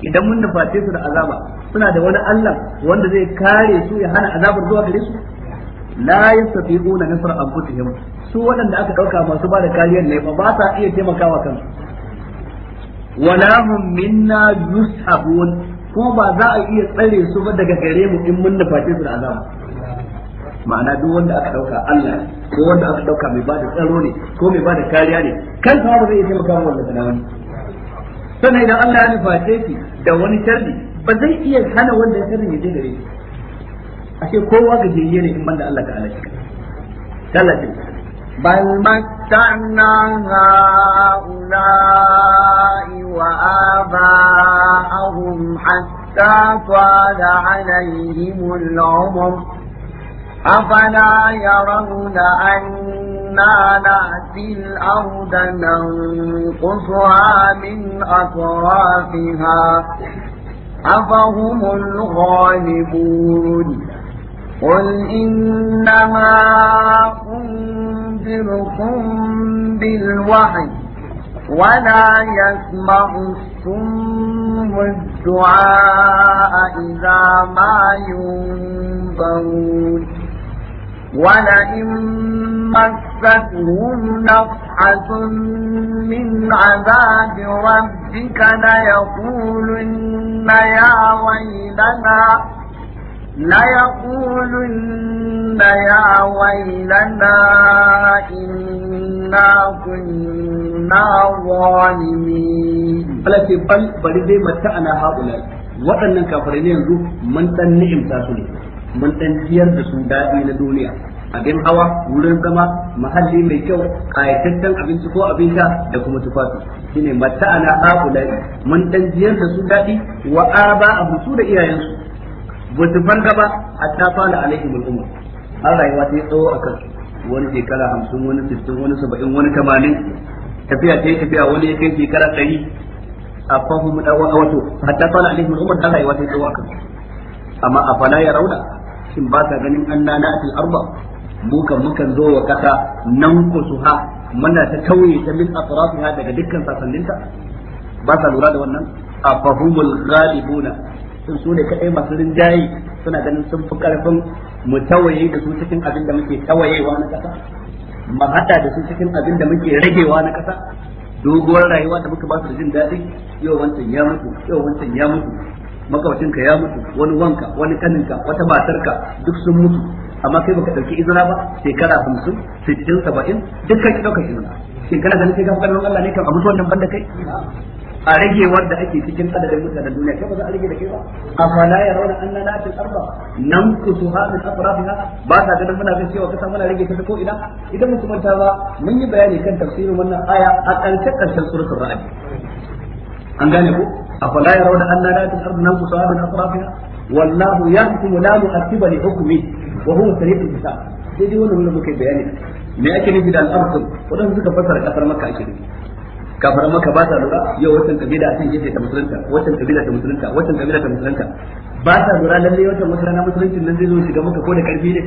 idan mun nuface su da azaba suna da wani Allah wanda zai kare su ya hana azabar zuwa gare su la yastati'una nasra anfusihim su wadanda aka ɗauka masu ba da kariyar ne ba sa iya taimakawa kansu wala hum minna yusabun ko ba za a iya tsare su ba daga gare mu in mun nuface su da azaba ma'ana duk wanda aka dauka Allah ko wanda aka dauka mai bada tsaro ne ko mai bada kariya ne kan ba zai iya taimaka wa wannan sanawa sannan idan Allah ya nufa ki da wani sharri ba zai iya hana wanda sharrin ya je gare shi ashe kowa gajiyayye ne in banda Allah ta'ala shi tallafi بل متعنا هؤلاء وآباءهم حتى طال عليهم العمر أفلا يرون أنا نأتي الأرض ننقصها من أطرافها أفهم الغالبون قل إنما أنذركم بالوحي ولا يسمع الصم الدعاء إذا ما ينذرون ولئن مستهم نفحة من عذاب ربك ليقولن يا ويلنا ليقولن يا ويلنا إنا كنا ظالمين التي بل بل دي متعنا هؤلاء waɗannan kafirai ne yanzu mun ɗan mun dan jiyar da su daɗi na duniya abin hawa wurin zama mahalli mai kyau kayataccen abinci ko abin sha da kuma tufafi shine mata'ana aqulai mun dan jiyar da su dadi wa aba abu su da iyayensu ba su fanda ba hatta fala bil umur har rayuwa ta yi tsawo akan wani shekara hamsin wani sittin wani saba'in wani tamanin tafiya ta yi tafiya wani ya kai shekara ɗari a fahimu a wato hatta fala bil umur har rayuwa ta yi tsawo akan amma afala ya rauna shin ba ka ganin anna na'atil arba mu kan mukan zo wa kasa nan kusuha muna ta tauye ta min atrafiha daga dukkan sasanninta ba sa lura da wannan afahumul ghalibuna sun su ne kadai masu rinjaye suna ganin sun fi karfin mu tawaye da su cikin abin da muke tawayewa na kasa mu hada da su cikin abin da muke ragewa na kasa doguwar rayuwa da muka ba su jin daɗi yau wancan ya mutu yau wancan ya mutu makawacinka ya mutu wani wanka wani kaninka wata matarka duk sun mutu amma kai baka dauki izina ba shekara 50 60 70 dukkan ki daukar izina shin kana ganin sai ka fadar Allah ne kan abu to wannan banda kai a rage wanda ake cikin adadin mutanen duniya kai ba za a rage da kai ba amma la yarawna anna natil arba ha min afrafiha ba ta ganin muna bin cewa kasa muna rage ta ko ina idan mun kuma ta ba mun yi bayani kan tafsirin wannan aya a ƙarshe karshen suratul ra'd an gane ko afala yarawna anna la tasarru nan wallahu la li hukmi wa huwa hisab sai dai wannan muke bayani me ake nufi da al-arqam wadanda suka fasara kasar makka ake nufi kafar ba lura yau kabila yake ta musulunta kabila ta musulunta kabila ta musulunta ba lura lalle wata nan zai zo shiga maka ko da karfi ne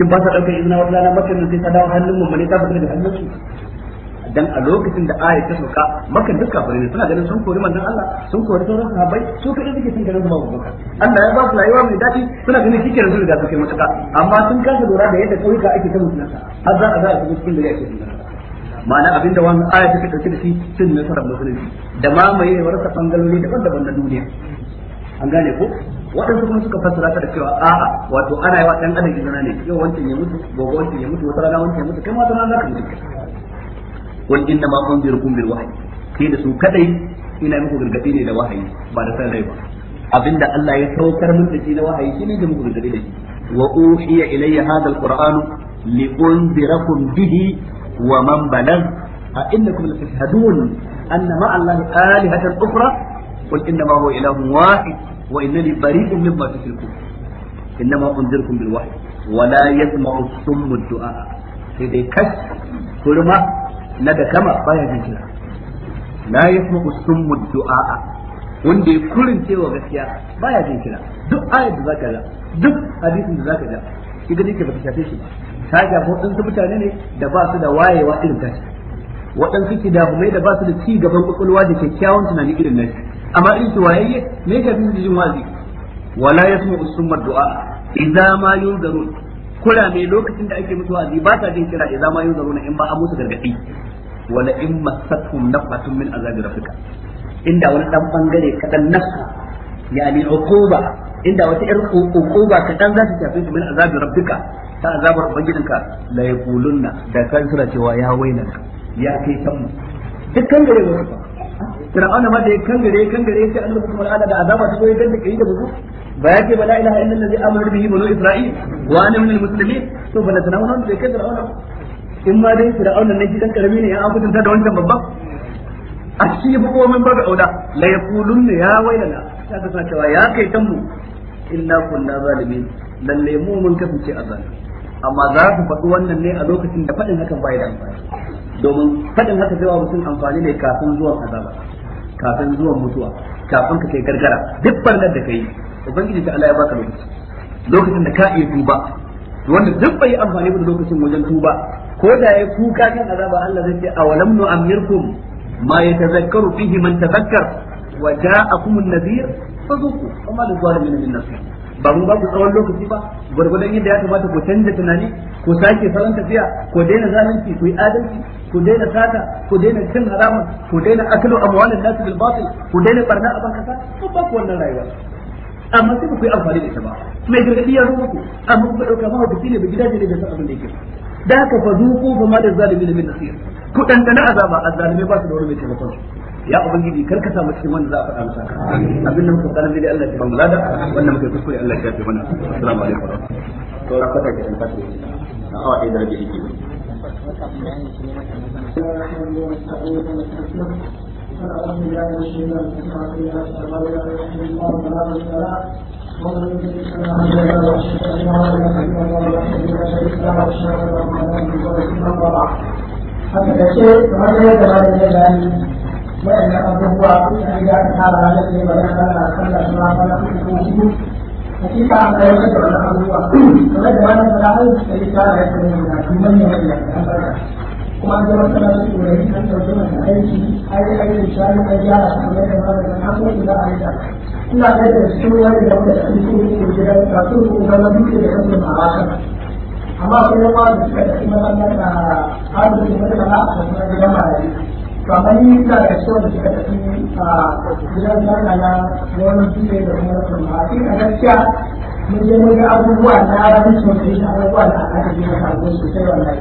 shin ba sa daukar izina wata rana maka nan sai ta dawo hannun mu ne ta fita da hannun su dan a lokacin da ayat ta sauka maka duk bari ne suna ganin sun kori manzon Allah sun kori sauran bai su kai suke cin ganin babu baka Allah ya ba su rayuwa mai dadi suna ganin kike da riga suke mutaka amma sun kasa dora da yadda kauyuka ake ta mutunta har za a za a cikin cikin gari ake mutunta ma'ana abinda wannan aya take dauke da shi cin nasarar musulunci da ne sa bangalori daban-daban na duniya an gane ko waɗansu kuma suka fassara ta da cewa a'a wato ana yi wa ɗan adam izina ne yau wancan ya mutu gobe wancan ya mutu wata rana wancan ya mutu kai ma ta rana za ka mutu qul inna ma unzirukum bil wahyi kai da su kadai ina muku gargadi ne da wahayi ba da san rai ba abinda Allah ya saukar min da shi na wahayi shine da muku gargadi da shi wa uhiya ilayya hadha alquran li unzirakum bihi wa man balag a innakum latashhadun anna ma Allah alihatan ukhra qul inna ma huwa ilahun wahid wa innani bari'un mimma tushrikun innama unzirukum bil wahyi ولا يسمع الصم الدعاء sai dai kash kurma na da kama baya jin kira la yasma'u summu du'a wanda ya kurin cewa gaskiya baya jin kira duk ayat da zaka ga duk hadisin da zaka ga shi gani ke bata shafe shi ta ga ko dan mutane ne da ba su da wayewa irin tashi waɗansu ki dahumai da ba su da ci gaban kwakwalwa da kyakkyawan tunani irin nashi amma irin su wayayye me ka fi jin wazi wala yasmu summa du'a idza ma yunzarun Kula mai lokacin da ake mutuwa zai ba ta jin kira idza ma yunzarun in ba a musu gargadi wala in masatu nafatun min azabi rabbika inda wani dan bangare kadan nasu yani uquba inda wata ir uquba kadan za ta tafi min azabi rabbika ta azabar ubangijinka la yaqulunna da kan sura cewa ya waina ya kai san duk kan gare wani fir'auna ma da ya kan gare kan gare sai Allah kuma wa da azaba ta zo ya ganda kai da buzu ba yake ba la ilaha illa allazi amara bihi banu isra'il wa ana min almuslimin to bala tanawun da kai fir'auna in ma dai fir'auna nan gidan karami ne ya an kwatanta da wancan babban a cikin yafi kowa min babu auda la yaqulun ya wailana ta ta sa cewa ya kai tambu. mu inna kunna zalimin lalle mu mun kasance a zalim amma za ku faɗi wannan ne a lokacin da faɗin hakan bai da amfani domin faɗin haka zai wa mutum amfani ne kafin zuwan azaba kafin zuwan mutuwa kafin ka kai gargara duk barnar da kai ubangiji ta Allah ya baka lokaci lokacin da ka iya duba wanda duk bai amfani ba lokacin wajen duba. ko da ya kuka kan azaba Allah zai ce awalam nu amirkum ma yatazakkaru fihi man tazakkar wa ja'akum an-nadhir fadhuku amma lizalimin min nasir ba mun ba ku tsawon lokaci ba gwargwadon yadda ya kamata ku canza tunani ku sake salon tafiya ku daina zalunci ku yi adalci ku daina sata ku daina cin haramun ku daina akalu amwalin nasu bil batil ku daina barna a kasa ku ba ku wannan rayuwa amma sai ku yi amfani da ita ba mai gargadi ya rubuta amma ku dauka ma ku ne gida gidaje ne da san abin da yake da ka fa zuku fa madar zalimin min nasir ku dandana azaba azzalime ba su da wani mai taimakon ya ubangiji kar ka samu cikin wanda za a faɗa masa abin nan ku kana dai Allah ya ba mu wannan muke kuskure Allah ya shafe mana assalamu alaikum to fata a awa da rabi yake أعوذ بالله haka da ce kamar da da abubuwa da ya ka tara da ke da ya kuma ne mai da kuma an zama kana su da yin da aiki ai ai da ne ya da suna ɗaya da cikin da wanda da su ko zama duk da kansu ba amma da da da ina da tafi a gidan na da ba a gaskiya mun je mun abubuwa na a sosai da da aka gina da suke wannan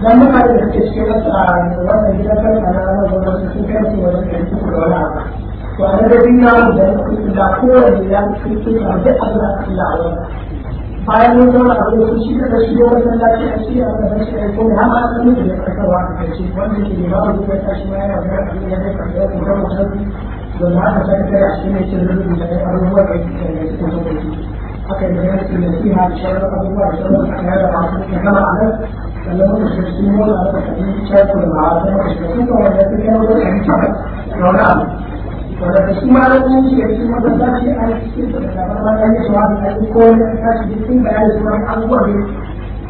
gidan sarka na wani gwamnati sun kai su su da ونبينا da kowane ya kirki karbi Allah Allah a wannan bayan mun zauna a wani shi da shi yau wannan lafiya a shi a wannan shi a kuma har an san da ya kasarwa a kai shi wanda ke da babu da ta shi ma yana da abin da ya karbi ko da mutum da ma ta san kai a shi ne cin rubu da ya abubuwa da ke da su ko da shi haka ne ya ce da shi ha sharar abubuwa da sharar da ya da masu da gama a nan sannan mun shi shi mun da ta yi sharar da ma'a da shi ko da ya ce da ya da shi da wani abu wadda shi ma da shi mazallaci ana cikin da kamar wannan ya shawa da da bayani su wani abubuwa ne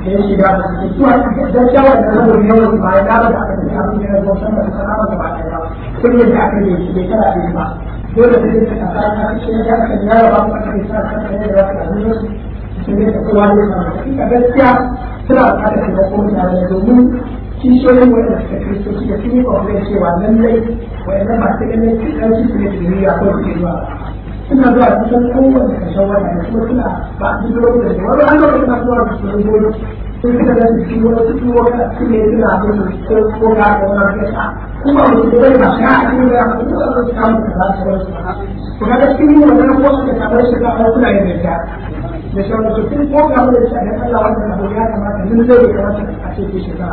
da ya shiga da su su wani da shawar da zama wani yawon ba ya gaba da aka ce abin da ya zo san da su sana masa ba ɗaya kun yadda aka yi shi bai kada abin ba dole da ta kasa a cikin ya ka yara ba ka kai sa ka da yi su su ne kowa ne gaskiya suna da kuma domin kishiyoyin wanda suka kristoci da sun yi ƙwaƙwai cewa lallai wa'anda ba su ganin cikin su ne da duniya ko su zuwa suna zuwa kusan kowane ƙarshen wata da kuma suna ba a cikin lokacin da wani an lokacin suna zuwa su sun goyo sun suka ga su cikin wani cikin wata su ne suna abin ko ga da wani kuma ba su bai ba sha a cikin da ba su samu da za su wani su ba su ga cikin wannan ko su da kamar shiga wani suna yin da shawar su sun ko ga wani shi dan Allah wannan abu ya kamata mun zai da kamata a ce ke shiga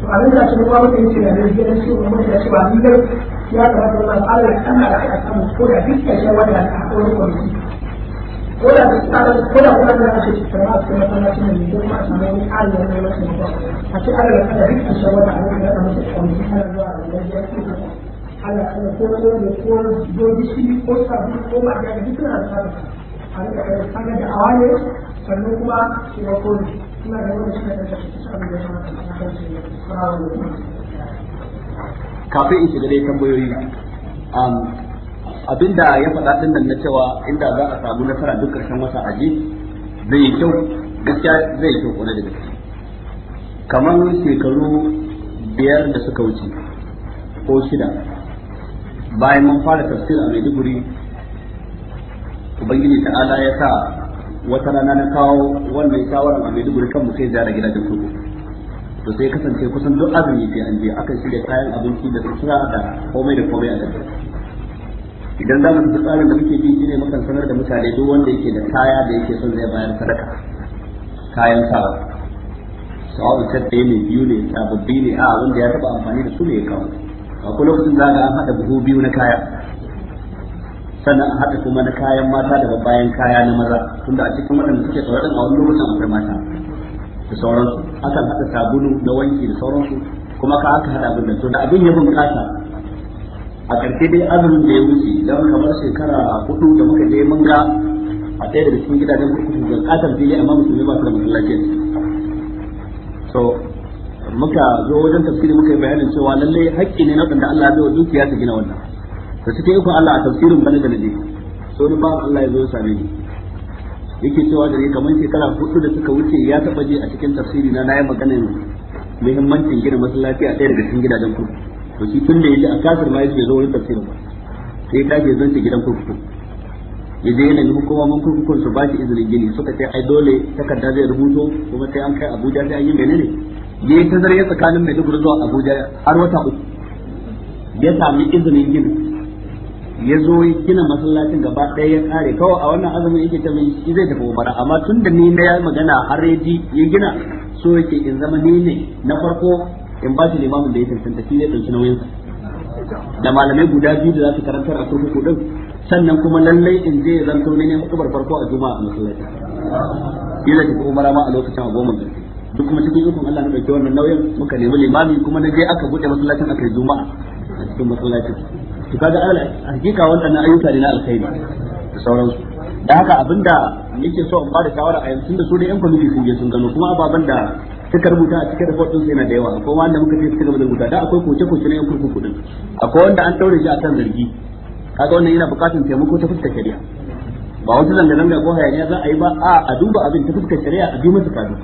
to a nan da shi kuma mutum ce da rage da shi kuma da shi ba ni dai ya kamata wannan Allah kana da aka samu ko da duk ya shawar da aka ko ko ko da ko da kuma da aka ce kuma a cikin masallacin ne ko kuma a samu wani Allah ne mai mutuwa a ce Allah kana duk ya shawar da aka da mutum ko ni kana zuwa da ya ce Allah kana ko da ko dogi shi ko sabu ko ba da duk na da a inci ɗaya da abinda ya faɗa ɗin nan na cewa inda za a samu nasara duk ƙarshen wata aji zai kyau gaskiya zai yi kyau ƙwarai da gaske kamar shekaru biyar da suka wuce ko shida bayan mun fara tafsir a Maiduguri ubangiji ala ya sa wata rana na kawo ya shawaran a dubu kan mu sai ziyara gidajen kurkuku to sai kasance kusan duk azumi sai an je akan shirya kayan abinci da kira da komai da komai a cikin idan za mu tsarin da muke bi shine mukan sanar da mutane duk wanda yake da kaya da yake son zai bayar sadaka kayan sawa ta tadda ne biyu ne sababbi ne a wanda ya taba amfani da su ne ya kawo A lokacin za ga an haɗa buhu biyu na kaya sannan a haɗa kuma na kayan mata da bayan kaya na maza tunda a cikin waɗanda suke tsaro din a wani lokacin akwai mata da sauransu akan haɗa sabulu na wanki da sauransu kuma ka aka haɗa abin da to da abin ya bunƙasa a ƙarshe dai azumin da ya wuce don kamar shekara hudu da muka je mun ga a ɗaya daga cikin gidajen kurkuku da ƙasar fili amma musulmi ba su da masallaci so muka zo wajen tafsiri muka yi bayanin cewa lallai haƙƙi ne na da Allah ya zo wa dukiya ta gina wannan da suke ikon Allah a tafsirin bana da nabi so ni bawan Allah ya zo same ni yake cewa da ni kamar shekara hudu da suka wuce ya taba je a cikin tafsiri na nayi maganar muhimmancin gina masallaci a ɗaya daga cikin gidajen kurku to shi tun da yaji a kafir ma yake zo wurin tafsirin ba sai ta je zance gidan kurkuku ya je yana nufin kowa mun kurkukun su ba shi izinin gini suka ce ai dole takarda zai rubuto kuma sai an kai Abuja sai an yi menene ya yi ya tsakanin Maiduguri zuwa Abuja har wata uku ya sami izinin gini ya zo gina masallacin gaba ɗaya ya kare kawai a wannan azumin yake ta mai zai tafi umara amma tun da ni na ya magana har ya ji ya gina so yake in zama ni ne na farko in ba shi limamin da ya tantance shi ne ɗauki nauyinsa da malamai guda biyu da za su karantar a kurkuku ɗin sannan kuma lallai in je ya zanto ne hukumar farko a juma'a a masallacin. ya zai tafi umara ma a lokacin a goma ƙarfi duk kuma cikin ikon Allah na ɗauki wannan nauyin muka nemi limami kuma na je aka buɗe masallacin aka yi juma'a a cikin masallacin to kaga hakika wannan ayyuka ne na alkhairi da sauransu da haka abinda yake so in ba da shawara a yanzu da su da yan kwamiti sun je sun gano kuma ababen da suka rubuta a cikin report din yana da yawa akwai wanda muka ce suka rubuta da akwai koce koce na yan kurkuku din akwai wanda an daure shi akan zargi kaga wannan yana buƙatar taimako ta fuskar shari'a ba wata zanga zanga ko hayaniya za a yi ba a a duba abin ta fuskar shari'a a bi masa kado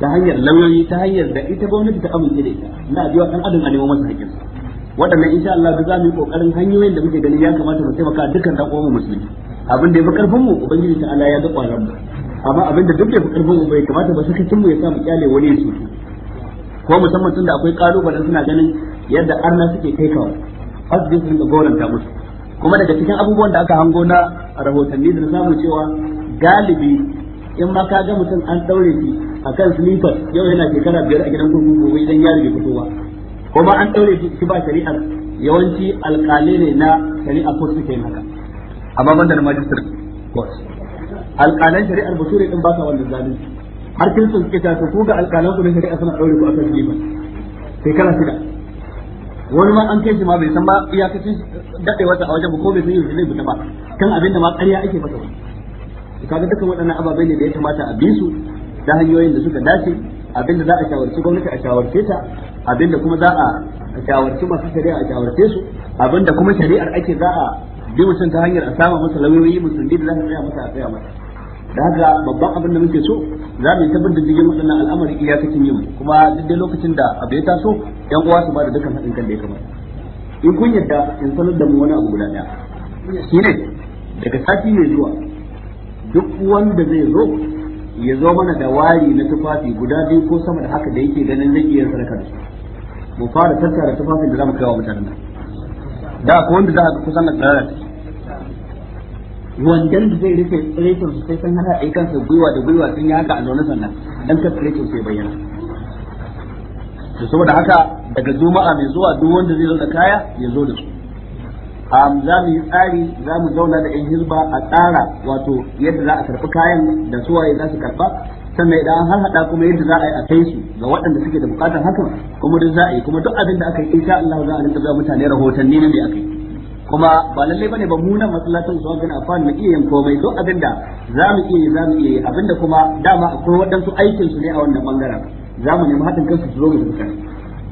ta hanyar lauyoyi ta hanyar da ita gwamnati ta amince da ita na biyo dan adam a nemo masa hakkinsa waɗannan insha Allah duk za mu yi kokarin hanyoyin da muke ganin ya kamata mu taimaka dukkan dan uwan musulmi abin da ya fi karfin mu ubangiji ta Allah ya ga kwaran mu amma abin da duk da ya fi karfin mu bai kamata ba sakacin mu ya sa mu kyale wani su ko musamman tunda akwai kalubalen suna ganin yadda arna suke kai kawo har su dinga goranta musu kuma daga cikin abubuwan da aka hango na rahotanni da samu cewa galibi in ma ka ga mutum an daure shi akan slippers yau yana shekara biyar a gidan kurkuku idan ya rige fitowa ko ba an daure shi ba shari'ar yawanci alƙalai ne na shari'a ko suke yin haka amma banda da majistar court alƙalan shari'ar basure din ba sa wannan zalunci har kin sun kita to ku ga alƙalan ku na shari'a suna daure ku akan jiba sai kana shida wani ma an kai shi ma bai san ba iyakacin dadewarsa a wajen ko bai san yau zai fita ba kan abin da ma ƙarya ake masa kaga dukkan waɗannan ababai ne da ya kamata a bi su da hanyoyin da suka dace abin da za a shawarci gwamnati a shawarce ta abinda kuma za a shawarci masu shari'a a shawarce su abinda kuma shari'ar ake za a bi mutum ta hanyar a sama masa lauyoyi musulmi da za su tsaya masa a tsaya masa da haka babban abin da muke so za mu yi tabbatar da jigin waɗannan al'amari iyakacin yin kuma duk da lokacin da abu ya taso yan uwa su ba da dukkan haɗin kan da ya kamata in kun yadda in sanar da mu wani abu guda ɗaya ne daga sati mai zuwa duk wanda zai zo ya zo mana da wari na tufafi guda biyu ko sama da haka da yake ganin zai iya sarka mu fara tattara tufafin da za mu kai wa mutanen nan da ko wanda za ka kusan a tsara wandan da zai rufe tsiraitin su sai sun hada ai kansa gwiwa da gwiwa sun yi haka a zaune sannan dan ka tsiraitin sai bayyana to saboda haka daga juma'a mai zuwa duk wanda zai zo da kaya ya zo da su za mu yi tsari za mu zauna da 'yan hizba a tsara wato yadda za a karɓi kayan da suwaye za su karɓa sannan idan an har kuma yadda za a yi a kai su ga waɗanda suke da bukatar hakan kuma duk za a yi kuma duk abin da aka yi insha Allah za a rinka ga mutane rahotanni ne da aka yi kuma ba lalle bane ba mu nan masallacin su ga a fara mu iya yin komai duk abin da za mu iya yi za mu iya yi abinda kuma dama akwai waɗansu aikin su ne a wannan bangaren za mu nemi haɗin kansu su zo mu zuka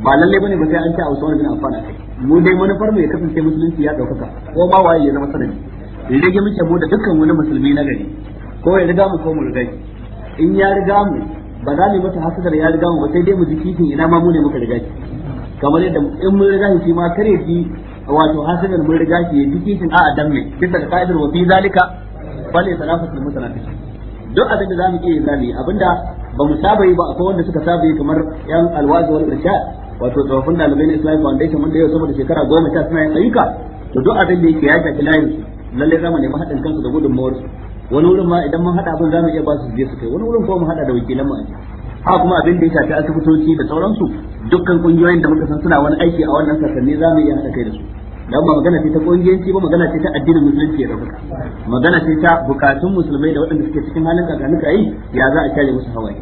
ba lalle bane ba sai an ce a wasu bin affan kai mu dai manufar mu ya kasance musulunci ya ɗaukaka ko ma waye ya zama sanadi rige muke mu da dukkan wani musulmi na gari ko ya riga mu ko mu riga in ya riga mu ba za mu masa hasadar ya riga mu ba sai dai mu ji kifin ina ma mu ne muka riga shi kamar yadda in mun riga shi ma kare shi wato hasadar mun riga shi ya ji kifin a adam ne duk da ka'idar wa fi zalika bale mutana mutanafisin duk abin da za mu iya zami abinda ba mu saba yi ba akwai wanda suka saba yi kamar yan alwazi wal irshad wato tsofaffin dalibai na Islam Foundation wanda yau saboda shekara goma sha suna yin ayyuka to duk abin da yake ya shafi layin lalle zama ne mahaɗin kansu da gudunmawar su wani wurin ma idan mun hada abin zamu iya ba su je su kai wani wurin kuma mu hada da wakilan mu a ha kuma abin da ya shafi asibitoci da sauransu dukkan kungiyoyin da muka san suna wani aiki a wannan za mu iya hada kai da su dan ba magana ce ta kungiyanci ba magana ce ta addinin musulunci ya rabuka magana ce ta bukatun musulmai da waɗanda suke cikin halin kakanin kai ya za a kare musu hawaye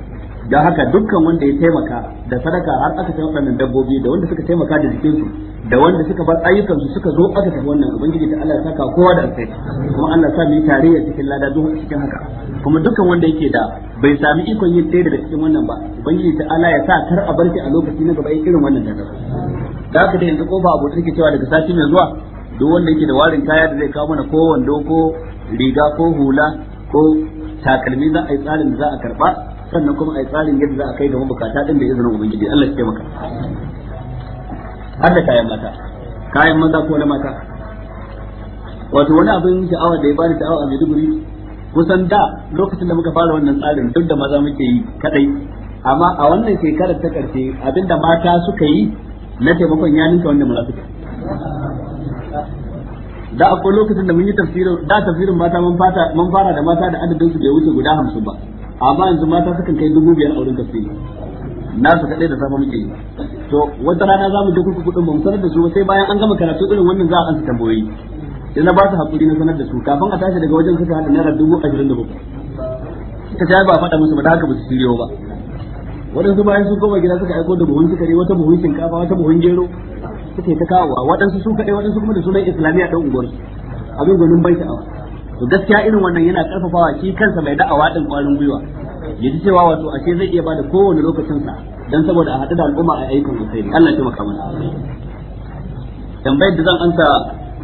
don haka dukkan wanda ya taimaka da sadaka har aka kai wannan dabbobi da wanda suka taimaka da jikinsu da wanda suka bar ayyukansu suka zo aka tafi wannan ubangiji ta Allah ya saka kowa da alkhairi kuma Allah sa mu tare cikin lada zuwa cikin haka kuma dukkan wanda yake da bai sami ikon yin ɗaya daga cikin wannan ba ubangiji ta Allah ya sa kar a bar a lokaci na gaba irin wannan da da haka da yanzu kofa abu take cewa daga sati mai zuwa duk wanda yake da warin kaya da zai kawo mana ko wando ko riga ko hula ko takalmi za a yi tsarin da za a karba sannan kuma ai tsarin yadda za a kai ga mabukata din da izinin ubangiji Allah ya taimaka har da kayan mata kayan maza ko na mata wato wani abin sha'awa da ya bani sha'awa a Maiduguri kusan da lokacin da muka fara wannan tsarin duk da maza muke yi kadai amma a wannan shekarar ta karshe abinda mata suka yi na taimakon ya ninka wanda maza suka da akwai lokacin da mun yi tafsirin da tafsirin mata mun mun fara da mata da adadin su bai wuce guda hamsin ba amma yanzu mata sukan kai dubu biyar a wurin tafsiri nasu kaɗai da safa muke yi to wata rana za mu je kuku ba mu sanar da su sai bayan an gama karatu irin wannan za a ansa tambayoyi sai na ba su hakuri na sanar da su kafin a tashi daga wajen suka haɗa naira dubu ashirin da bakwai suka ta ba faɗa musu ba da haka ba su shiryo ba waɗansu bayan sun koma gida suka aiko da buhun sukari wata buhun shinkafa wata buhun gero suka yi ta a waɗansu su kaɗai waɗansu kuma da sunan islamiyya ɗan unguwarsu abin gwanin bai ta'awa to gaskiya irin wannan yana karfafawa shi kansa mai da'awa din kwarin gwiwa ya ji cewa wato ashe zai iya bada kowane lokacin sa dan saboda a haɗu da al'umma a aikin sai Allah ya taimaka mana tambayar da zan ansa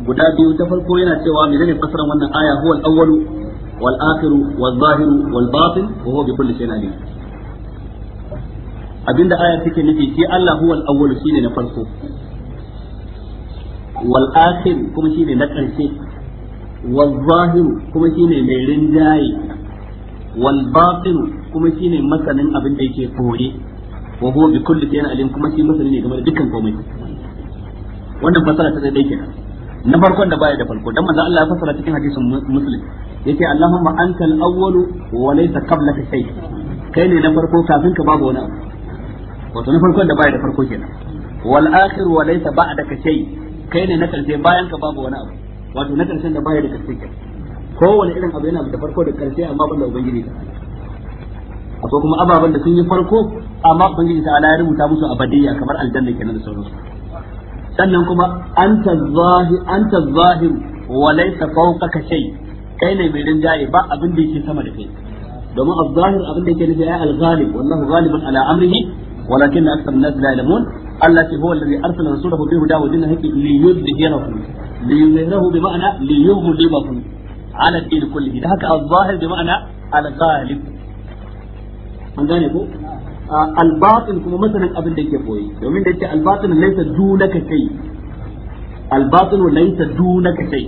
guda biyu ta farko yana cewa menene fasaran wannan aya huwa al-awwalu wal akhiru wal zahiru wal batin wa huwa bi kulli shay'in alim abinda aya take nufi shi Allah huwa al-awwalu shine na farko wal akhir kuma shine na ƙarshe والظاهر كما شيني مي رنجاي والباطن كما شيني مثلا ابن دا yake kore wa huwa bi kulli shay'in alim kuma shi masani ne game da dukkan komai wannan fasara ta dai kenan na farkon da baya da farko dan manzo Allah ya fasara cikin hadisin muslim yace Allahumma antal awwal wa laysa qablaka shay kai ne na farko kafin ka babu wani abu wato na farkon da baya da farko wal kai ne na bayan ka babu wani abu wato na karshen da baya da karshe ke kowane irin abu yana da farko da karshe amma banda ubangiji ta ko kuma ababen da sun yi farko amma ubangiji ta ala ya rubuta musu abadiyya kamar aljanna kenan da sauransu sannan kuma anta zahir anta zahir wa laysa fawqaka shay kai ne mai rinjaye ba abin da yake sama da kai domin az-zahir abin da yake nufi ya al-ghalib wallahu ghalibun ala amrihi walakin akthar an-nas la ya'lamun allati huwa alladhi arsala rasulahu bil huda wa dinil haqqi liyudhhirahu liyuzhirahu bi ma'ana liyughlibahu ala ad-din kullihi da haka az-zahir bi ma'ana al-ghalib an gane ko al-batin kuma masanin abin da yake koyi domin da yake al-batin laysa dunaka shay al-batin laysa dunaka shay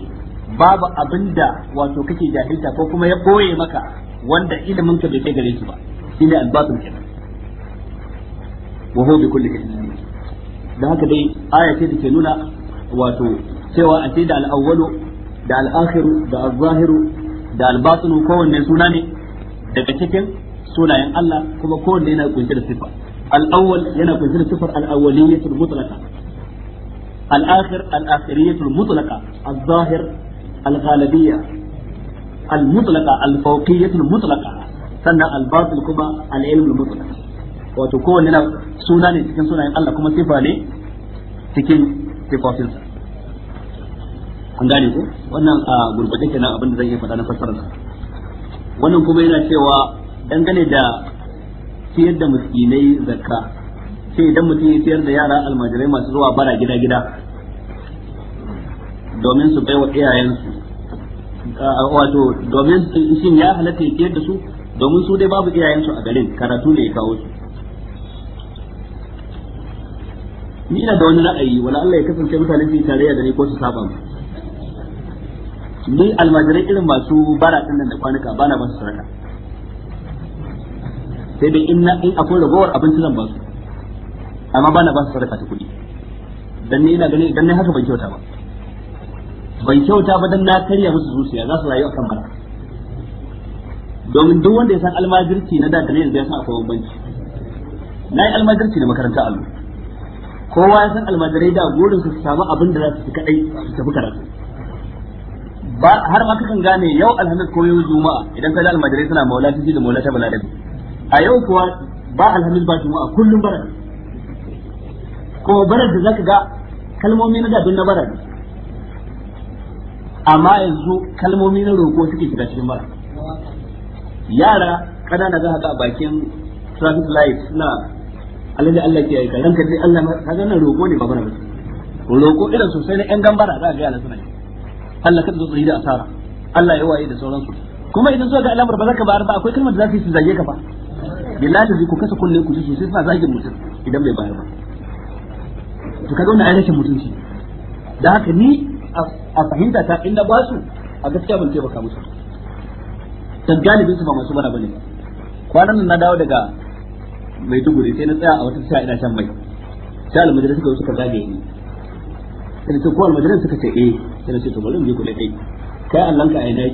babu abinda wato kake jahilta ko kuma ya boye maka wanda ilimin ka bai kai gare shi ba shine al-batin kenan wa huwa bi kulli ilmin da haka dai aya ce da ke nuna wato cewa a ce da al da al da az-zahiru da al-batinu kowanne suna ne daga cikin sunayen Allah kuma kowanne yana kunshe da sifa al-awwal yana kunshe da sifar al-awwaliyyatul mutlaqa al-akhir al-akhiriyyatul mutlaqa az-zahir al-ghalibiyya al-mutlaqa al-fawqiyyatul mutlaqa sannan al-batin kuma al-ilmul mutlaq wato kowanne suna ne cikin sunayen Allah kuma sifa ne cikin sifofinsa an gane ko wannan a gurbace kenan abin da zan iya faɗa na fassarar sa wannan kuma yana cewa dangane da ciyar da musulmai zakka sai idan mutum ya ciyar da yara almajirai masu zuwa bara gida gida domin su baiwa iyayensu wato domin shin ya halatta ya ciyar da su domin su dai babu iyayensu a garin karatu ne ya kawo su ni ina da wani ra'ayi wala Allah ya kasance mutane su yi tarayya da ni ko su saba mu ni almajirai irin masu bara din nan da kwanuka ba na ba su sadaka sai dai in na in akwai ragowar abinci zan ba su amma ba na ba su sadaka ta kuɗi dan ni ina ganin dan ne haka ban kyauta ba ban kyauta ba dan na karya musu zuciya za su rayu akan bara domin duk wanda ya san almajirci na da da yanzu ya san akwai bambanci na yi almajirci da makaranta allo kowa ya san almajirai da gurin su samu abin da za su fi kadai su tafi karatu ba har ma kakan gane yau alhamis ko yau juma'a idan da almajirai suna maula ta da maula ta balarabi a yau kuwa ba alhamis ba juma'a kullum barar ko barar da ka ga kalmomi na dadin na barar amma yanzu kalmomi na roƙo suke shiga cikin bara. yara kanana za ka a bakin traffic light suna alhaji Allah ke aika ranka dai Allah ga nan roƙo ne ba barar roƙo irin sosai na yan gambara za a ga yana suna yi Allah kada zo da asara Allah ya waye da sauransu kuma idan zo ga alamar ba zaka ba ba akwai kalmar da za su zage ka ba billahi ji ku kasa kunne ku ji sosai suna zagin mutum idan bai bayar ba to kaga wannan ainihin mutunci da haka ni a fahimta ta inda ba su a gaskiya ban taimaka musu dan galibin su ba masu bana bane kwanan nan na dawo daga Maiduguri sai na tsaya a wata tsaya ina shan mai sai almajiri suka suka zage ni sai ce ko almajiran suka ce eh sai ce to bari mu je ku da kai kai Allah ka aina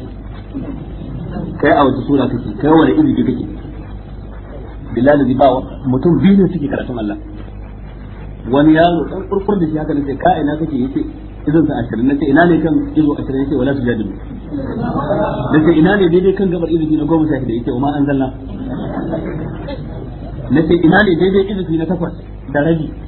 kai a wata sura kake kai wani iziki kake bilal zai bawa mutum biyu ne suke karatun Allah wani yaro dan kurkur da shi haka ne sai ka aina kake yace izin sa na nace ina ne kan izo 20 yace wala sujadilu nace ina ne daidai kan gabar iri na goma sai da yace an ma anzalna nace ina ne daidai iri na takwas da rabi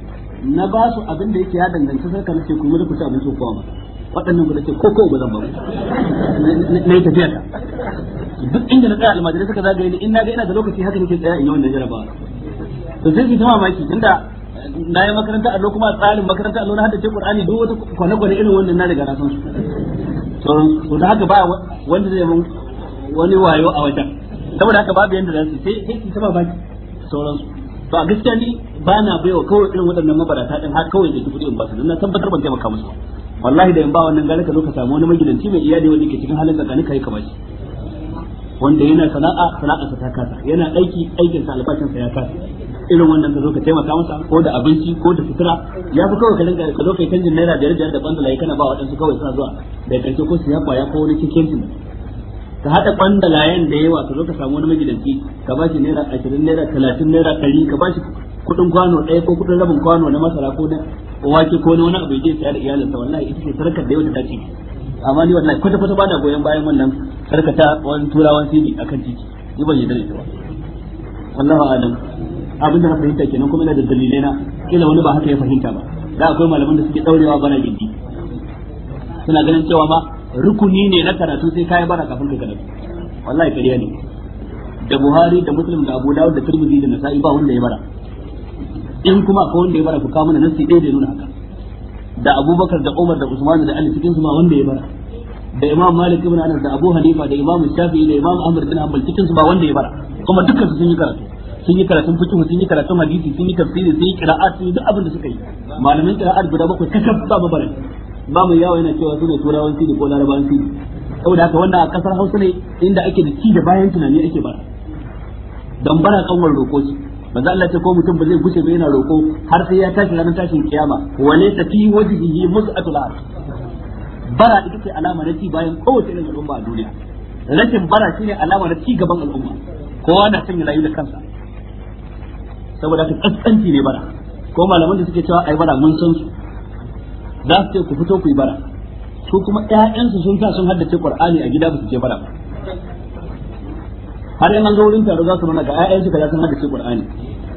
na ba su abin da yake ya danganci sarka na ce ku mulku ta abin kowa ba waɗannan ba ce ko ko ba zan ba na yi tafiya ta duk inda na tsaya almajirai suka zagaye ni in na ga ina da lokaci haka nake tsaya in yi wannan jarabawa to sai su ta mamaki tunda na yi makaranta allo kuma tsarin makaranta allo na haddace qur'ani duk wata kwane-kwane irin wannan na riga na san su to da haka ba wanda zai mun wani wayo a wajen saboda haka babu yanda za su sai sai su ta mamaki sauransu To a gaskiya ni ba na baiwa kawai irin waɗannan mabarata din har kawai da ki kuɗi in ba su na tabbatar ban taimaka musu ba wallahi da in ba wannan gare ka zo ka samu wani magidanci mai iyali wanda ke cikin halin tsakanin kai kamar shi wanda yana sana'a sana'arsa ta kasa yana aiki aikin sa albashin sa ya kasa irin wannan ka zo ka taimaka masa ko da abinci ko da sutura ya fi kawai ka dinga ka zo kai canjin naira biyar biyar da bandala kana ba waɗansu kawai suna zuwa da karshe ko su ya ko wani cikin ka hada kwandalayen da yawa ka zo ka samu wani magidanci ka bashi naira ashirin naira talatin naira ɗari ka bashi kudin kwano ɗaya ko kudin rabin kwano na masara ko na wake ko na wani abu ya je sayar da iyalinsa wallahi ita ce sarkar da yawa ta dace amma ni wallahi kwata kwata bana goyon bayan wannan sarka ta wani turawan sini akan titi ni ban yi da ita ba wallahi alam abinda na fahimta kenan kuma ina da dalilaina na kila wani ba haka ya fahimta ba da akwai malaman da suke daurewa bana gindi suna ganin cewa ma rukuni ne na karatu sai kai bara kafin ka karatu wallahi kariya ne da Buhari da Muslim da Abu Dawud da Tirmidhi da Nasa'i ba wanda ya bara in kuma akwai wanda ya bara ku kawo mana nasi ɗaya da nuna haka da Abubakar da Umar da Usman da Ali cikin su ma wanda ya bara da Imam Malik ibn Anas da Abu Hanifa da Imam Shafi'i da Imam Ahmad bin Hanbal cikin su ba wanda ya bara kuma dukkan su sun yi karatu sun yi karatun fiqh sun yi karatun hadisi sun yi tafsiri sun yi qira'at sun yi duk abin da suka yi malamin qira'at guda bakwai kasab ba barin ba mai yawa yana cewa su ne turawan sidi ko larabawan sidi saboda haka wannan a kasar hausa ne inda ake da ci da bayan tunani ake bara Don bara kanwar roko ce manzo Allah ce ko mutum ba zai gushe ba yana roko har sai ya tashi ranar tashin kiyama wa wajen yi wajhihi mus'atul ar bara ita ce alama na ci bayan kowace irin al'umma a duniya rashin bara shine alama na ci gaban al'umma kowa na sanya ya rayu da kansa saboda haka kaskanci ne bara ko malaman da suke cewa ai bara mun san su za su ce ku fito ku yi bara su kuma ƴaƴansu sun sa sun haddace qur'ani a gida ba su je bara har yanzu zo wurin taro za su nuna ga ƴaƴansu kaza sun haddace qur'ani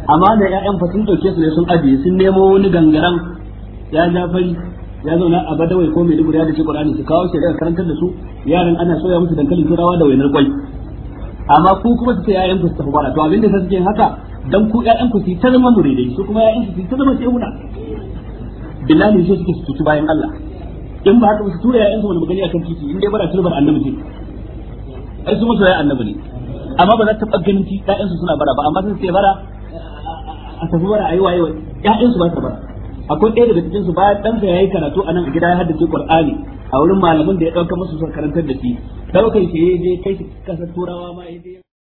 amma da ƴaƴan fa sun dauke su ne sun ajiye sun nemo wani gangaran ya jafari ya zauna a badawai ko mai dubura da ce qur'ani su kawo shi daga karantar da su yaran ana soya musu dankalin turawa da wainar kwai amma ku kuma su ce ƴaƴan ku su tafi bara to abin da suke haka dan ku ƴaƴan ku su yi ta zama muridai su kuma ƴaƴan ku su yi ta zama shehuna bilal sai suke su tutu bayan Allah in ba haka ba su tura yayan su wani magani akan titi in dai bara turbar annabi ne ai su musu annabi ne amma ba za ta ganin ci ƴaƴan su suna bara ba amma sun ce bara a tafi bara ayi waye ƴaƴan su ba su bara akwai ɗaya daga cikin su bayan sa yayi karatu a nan a gida ya haddace Qur'ani a wurin malamin da ya ɗauka musu sun karantar da shi dauka shi ya je kai shi kasar turawa ma ya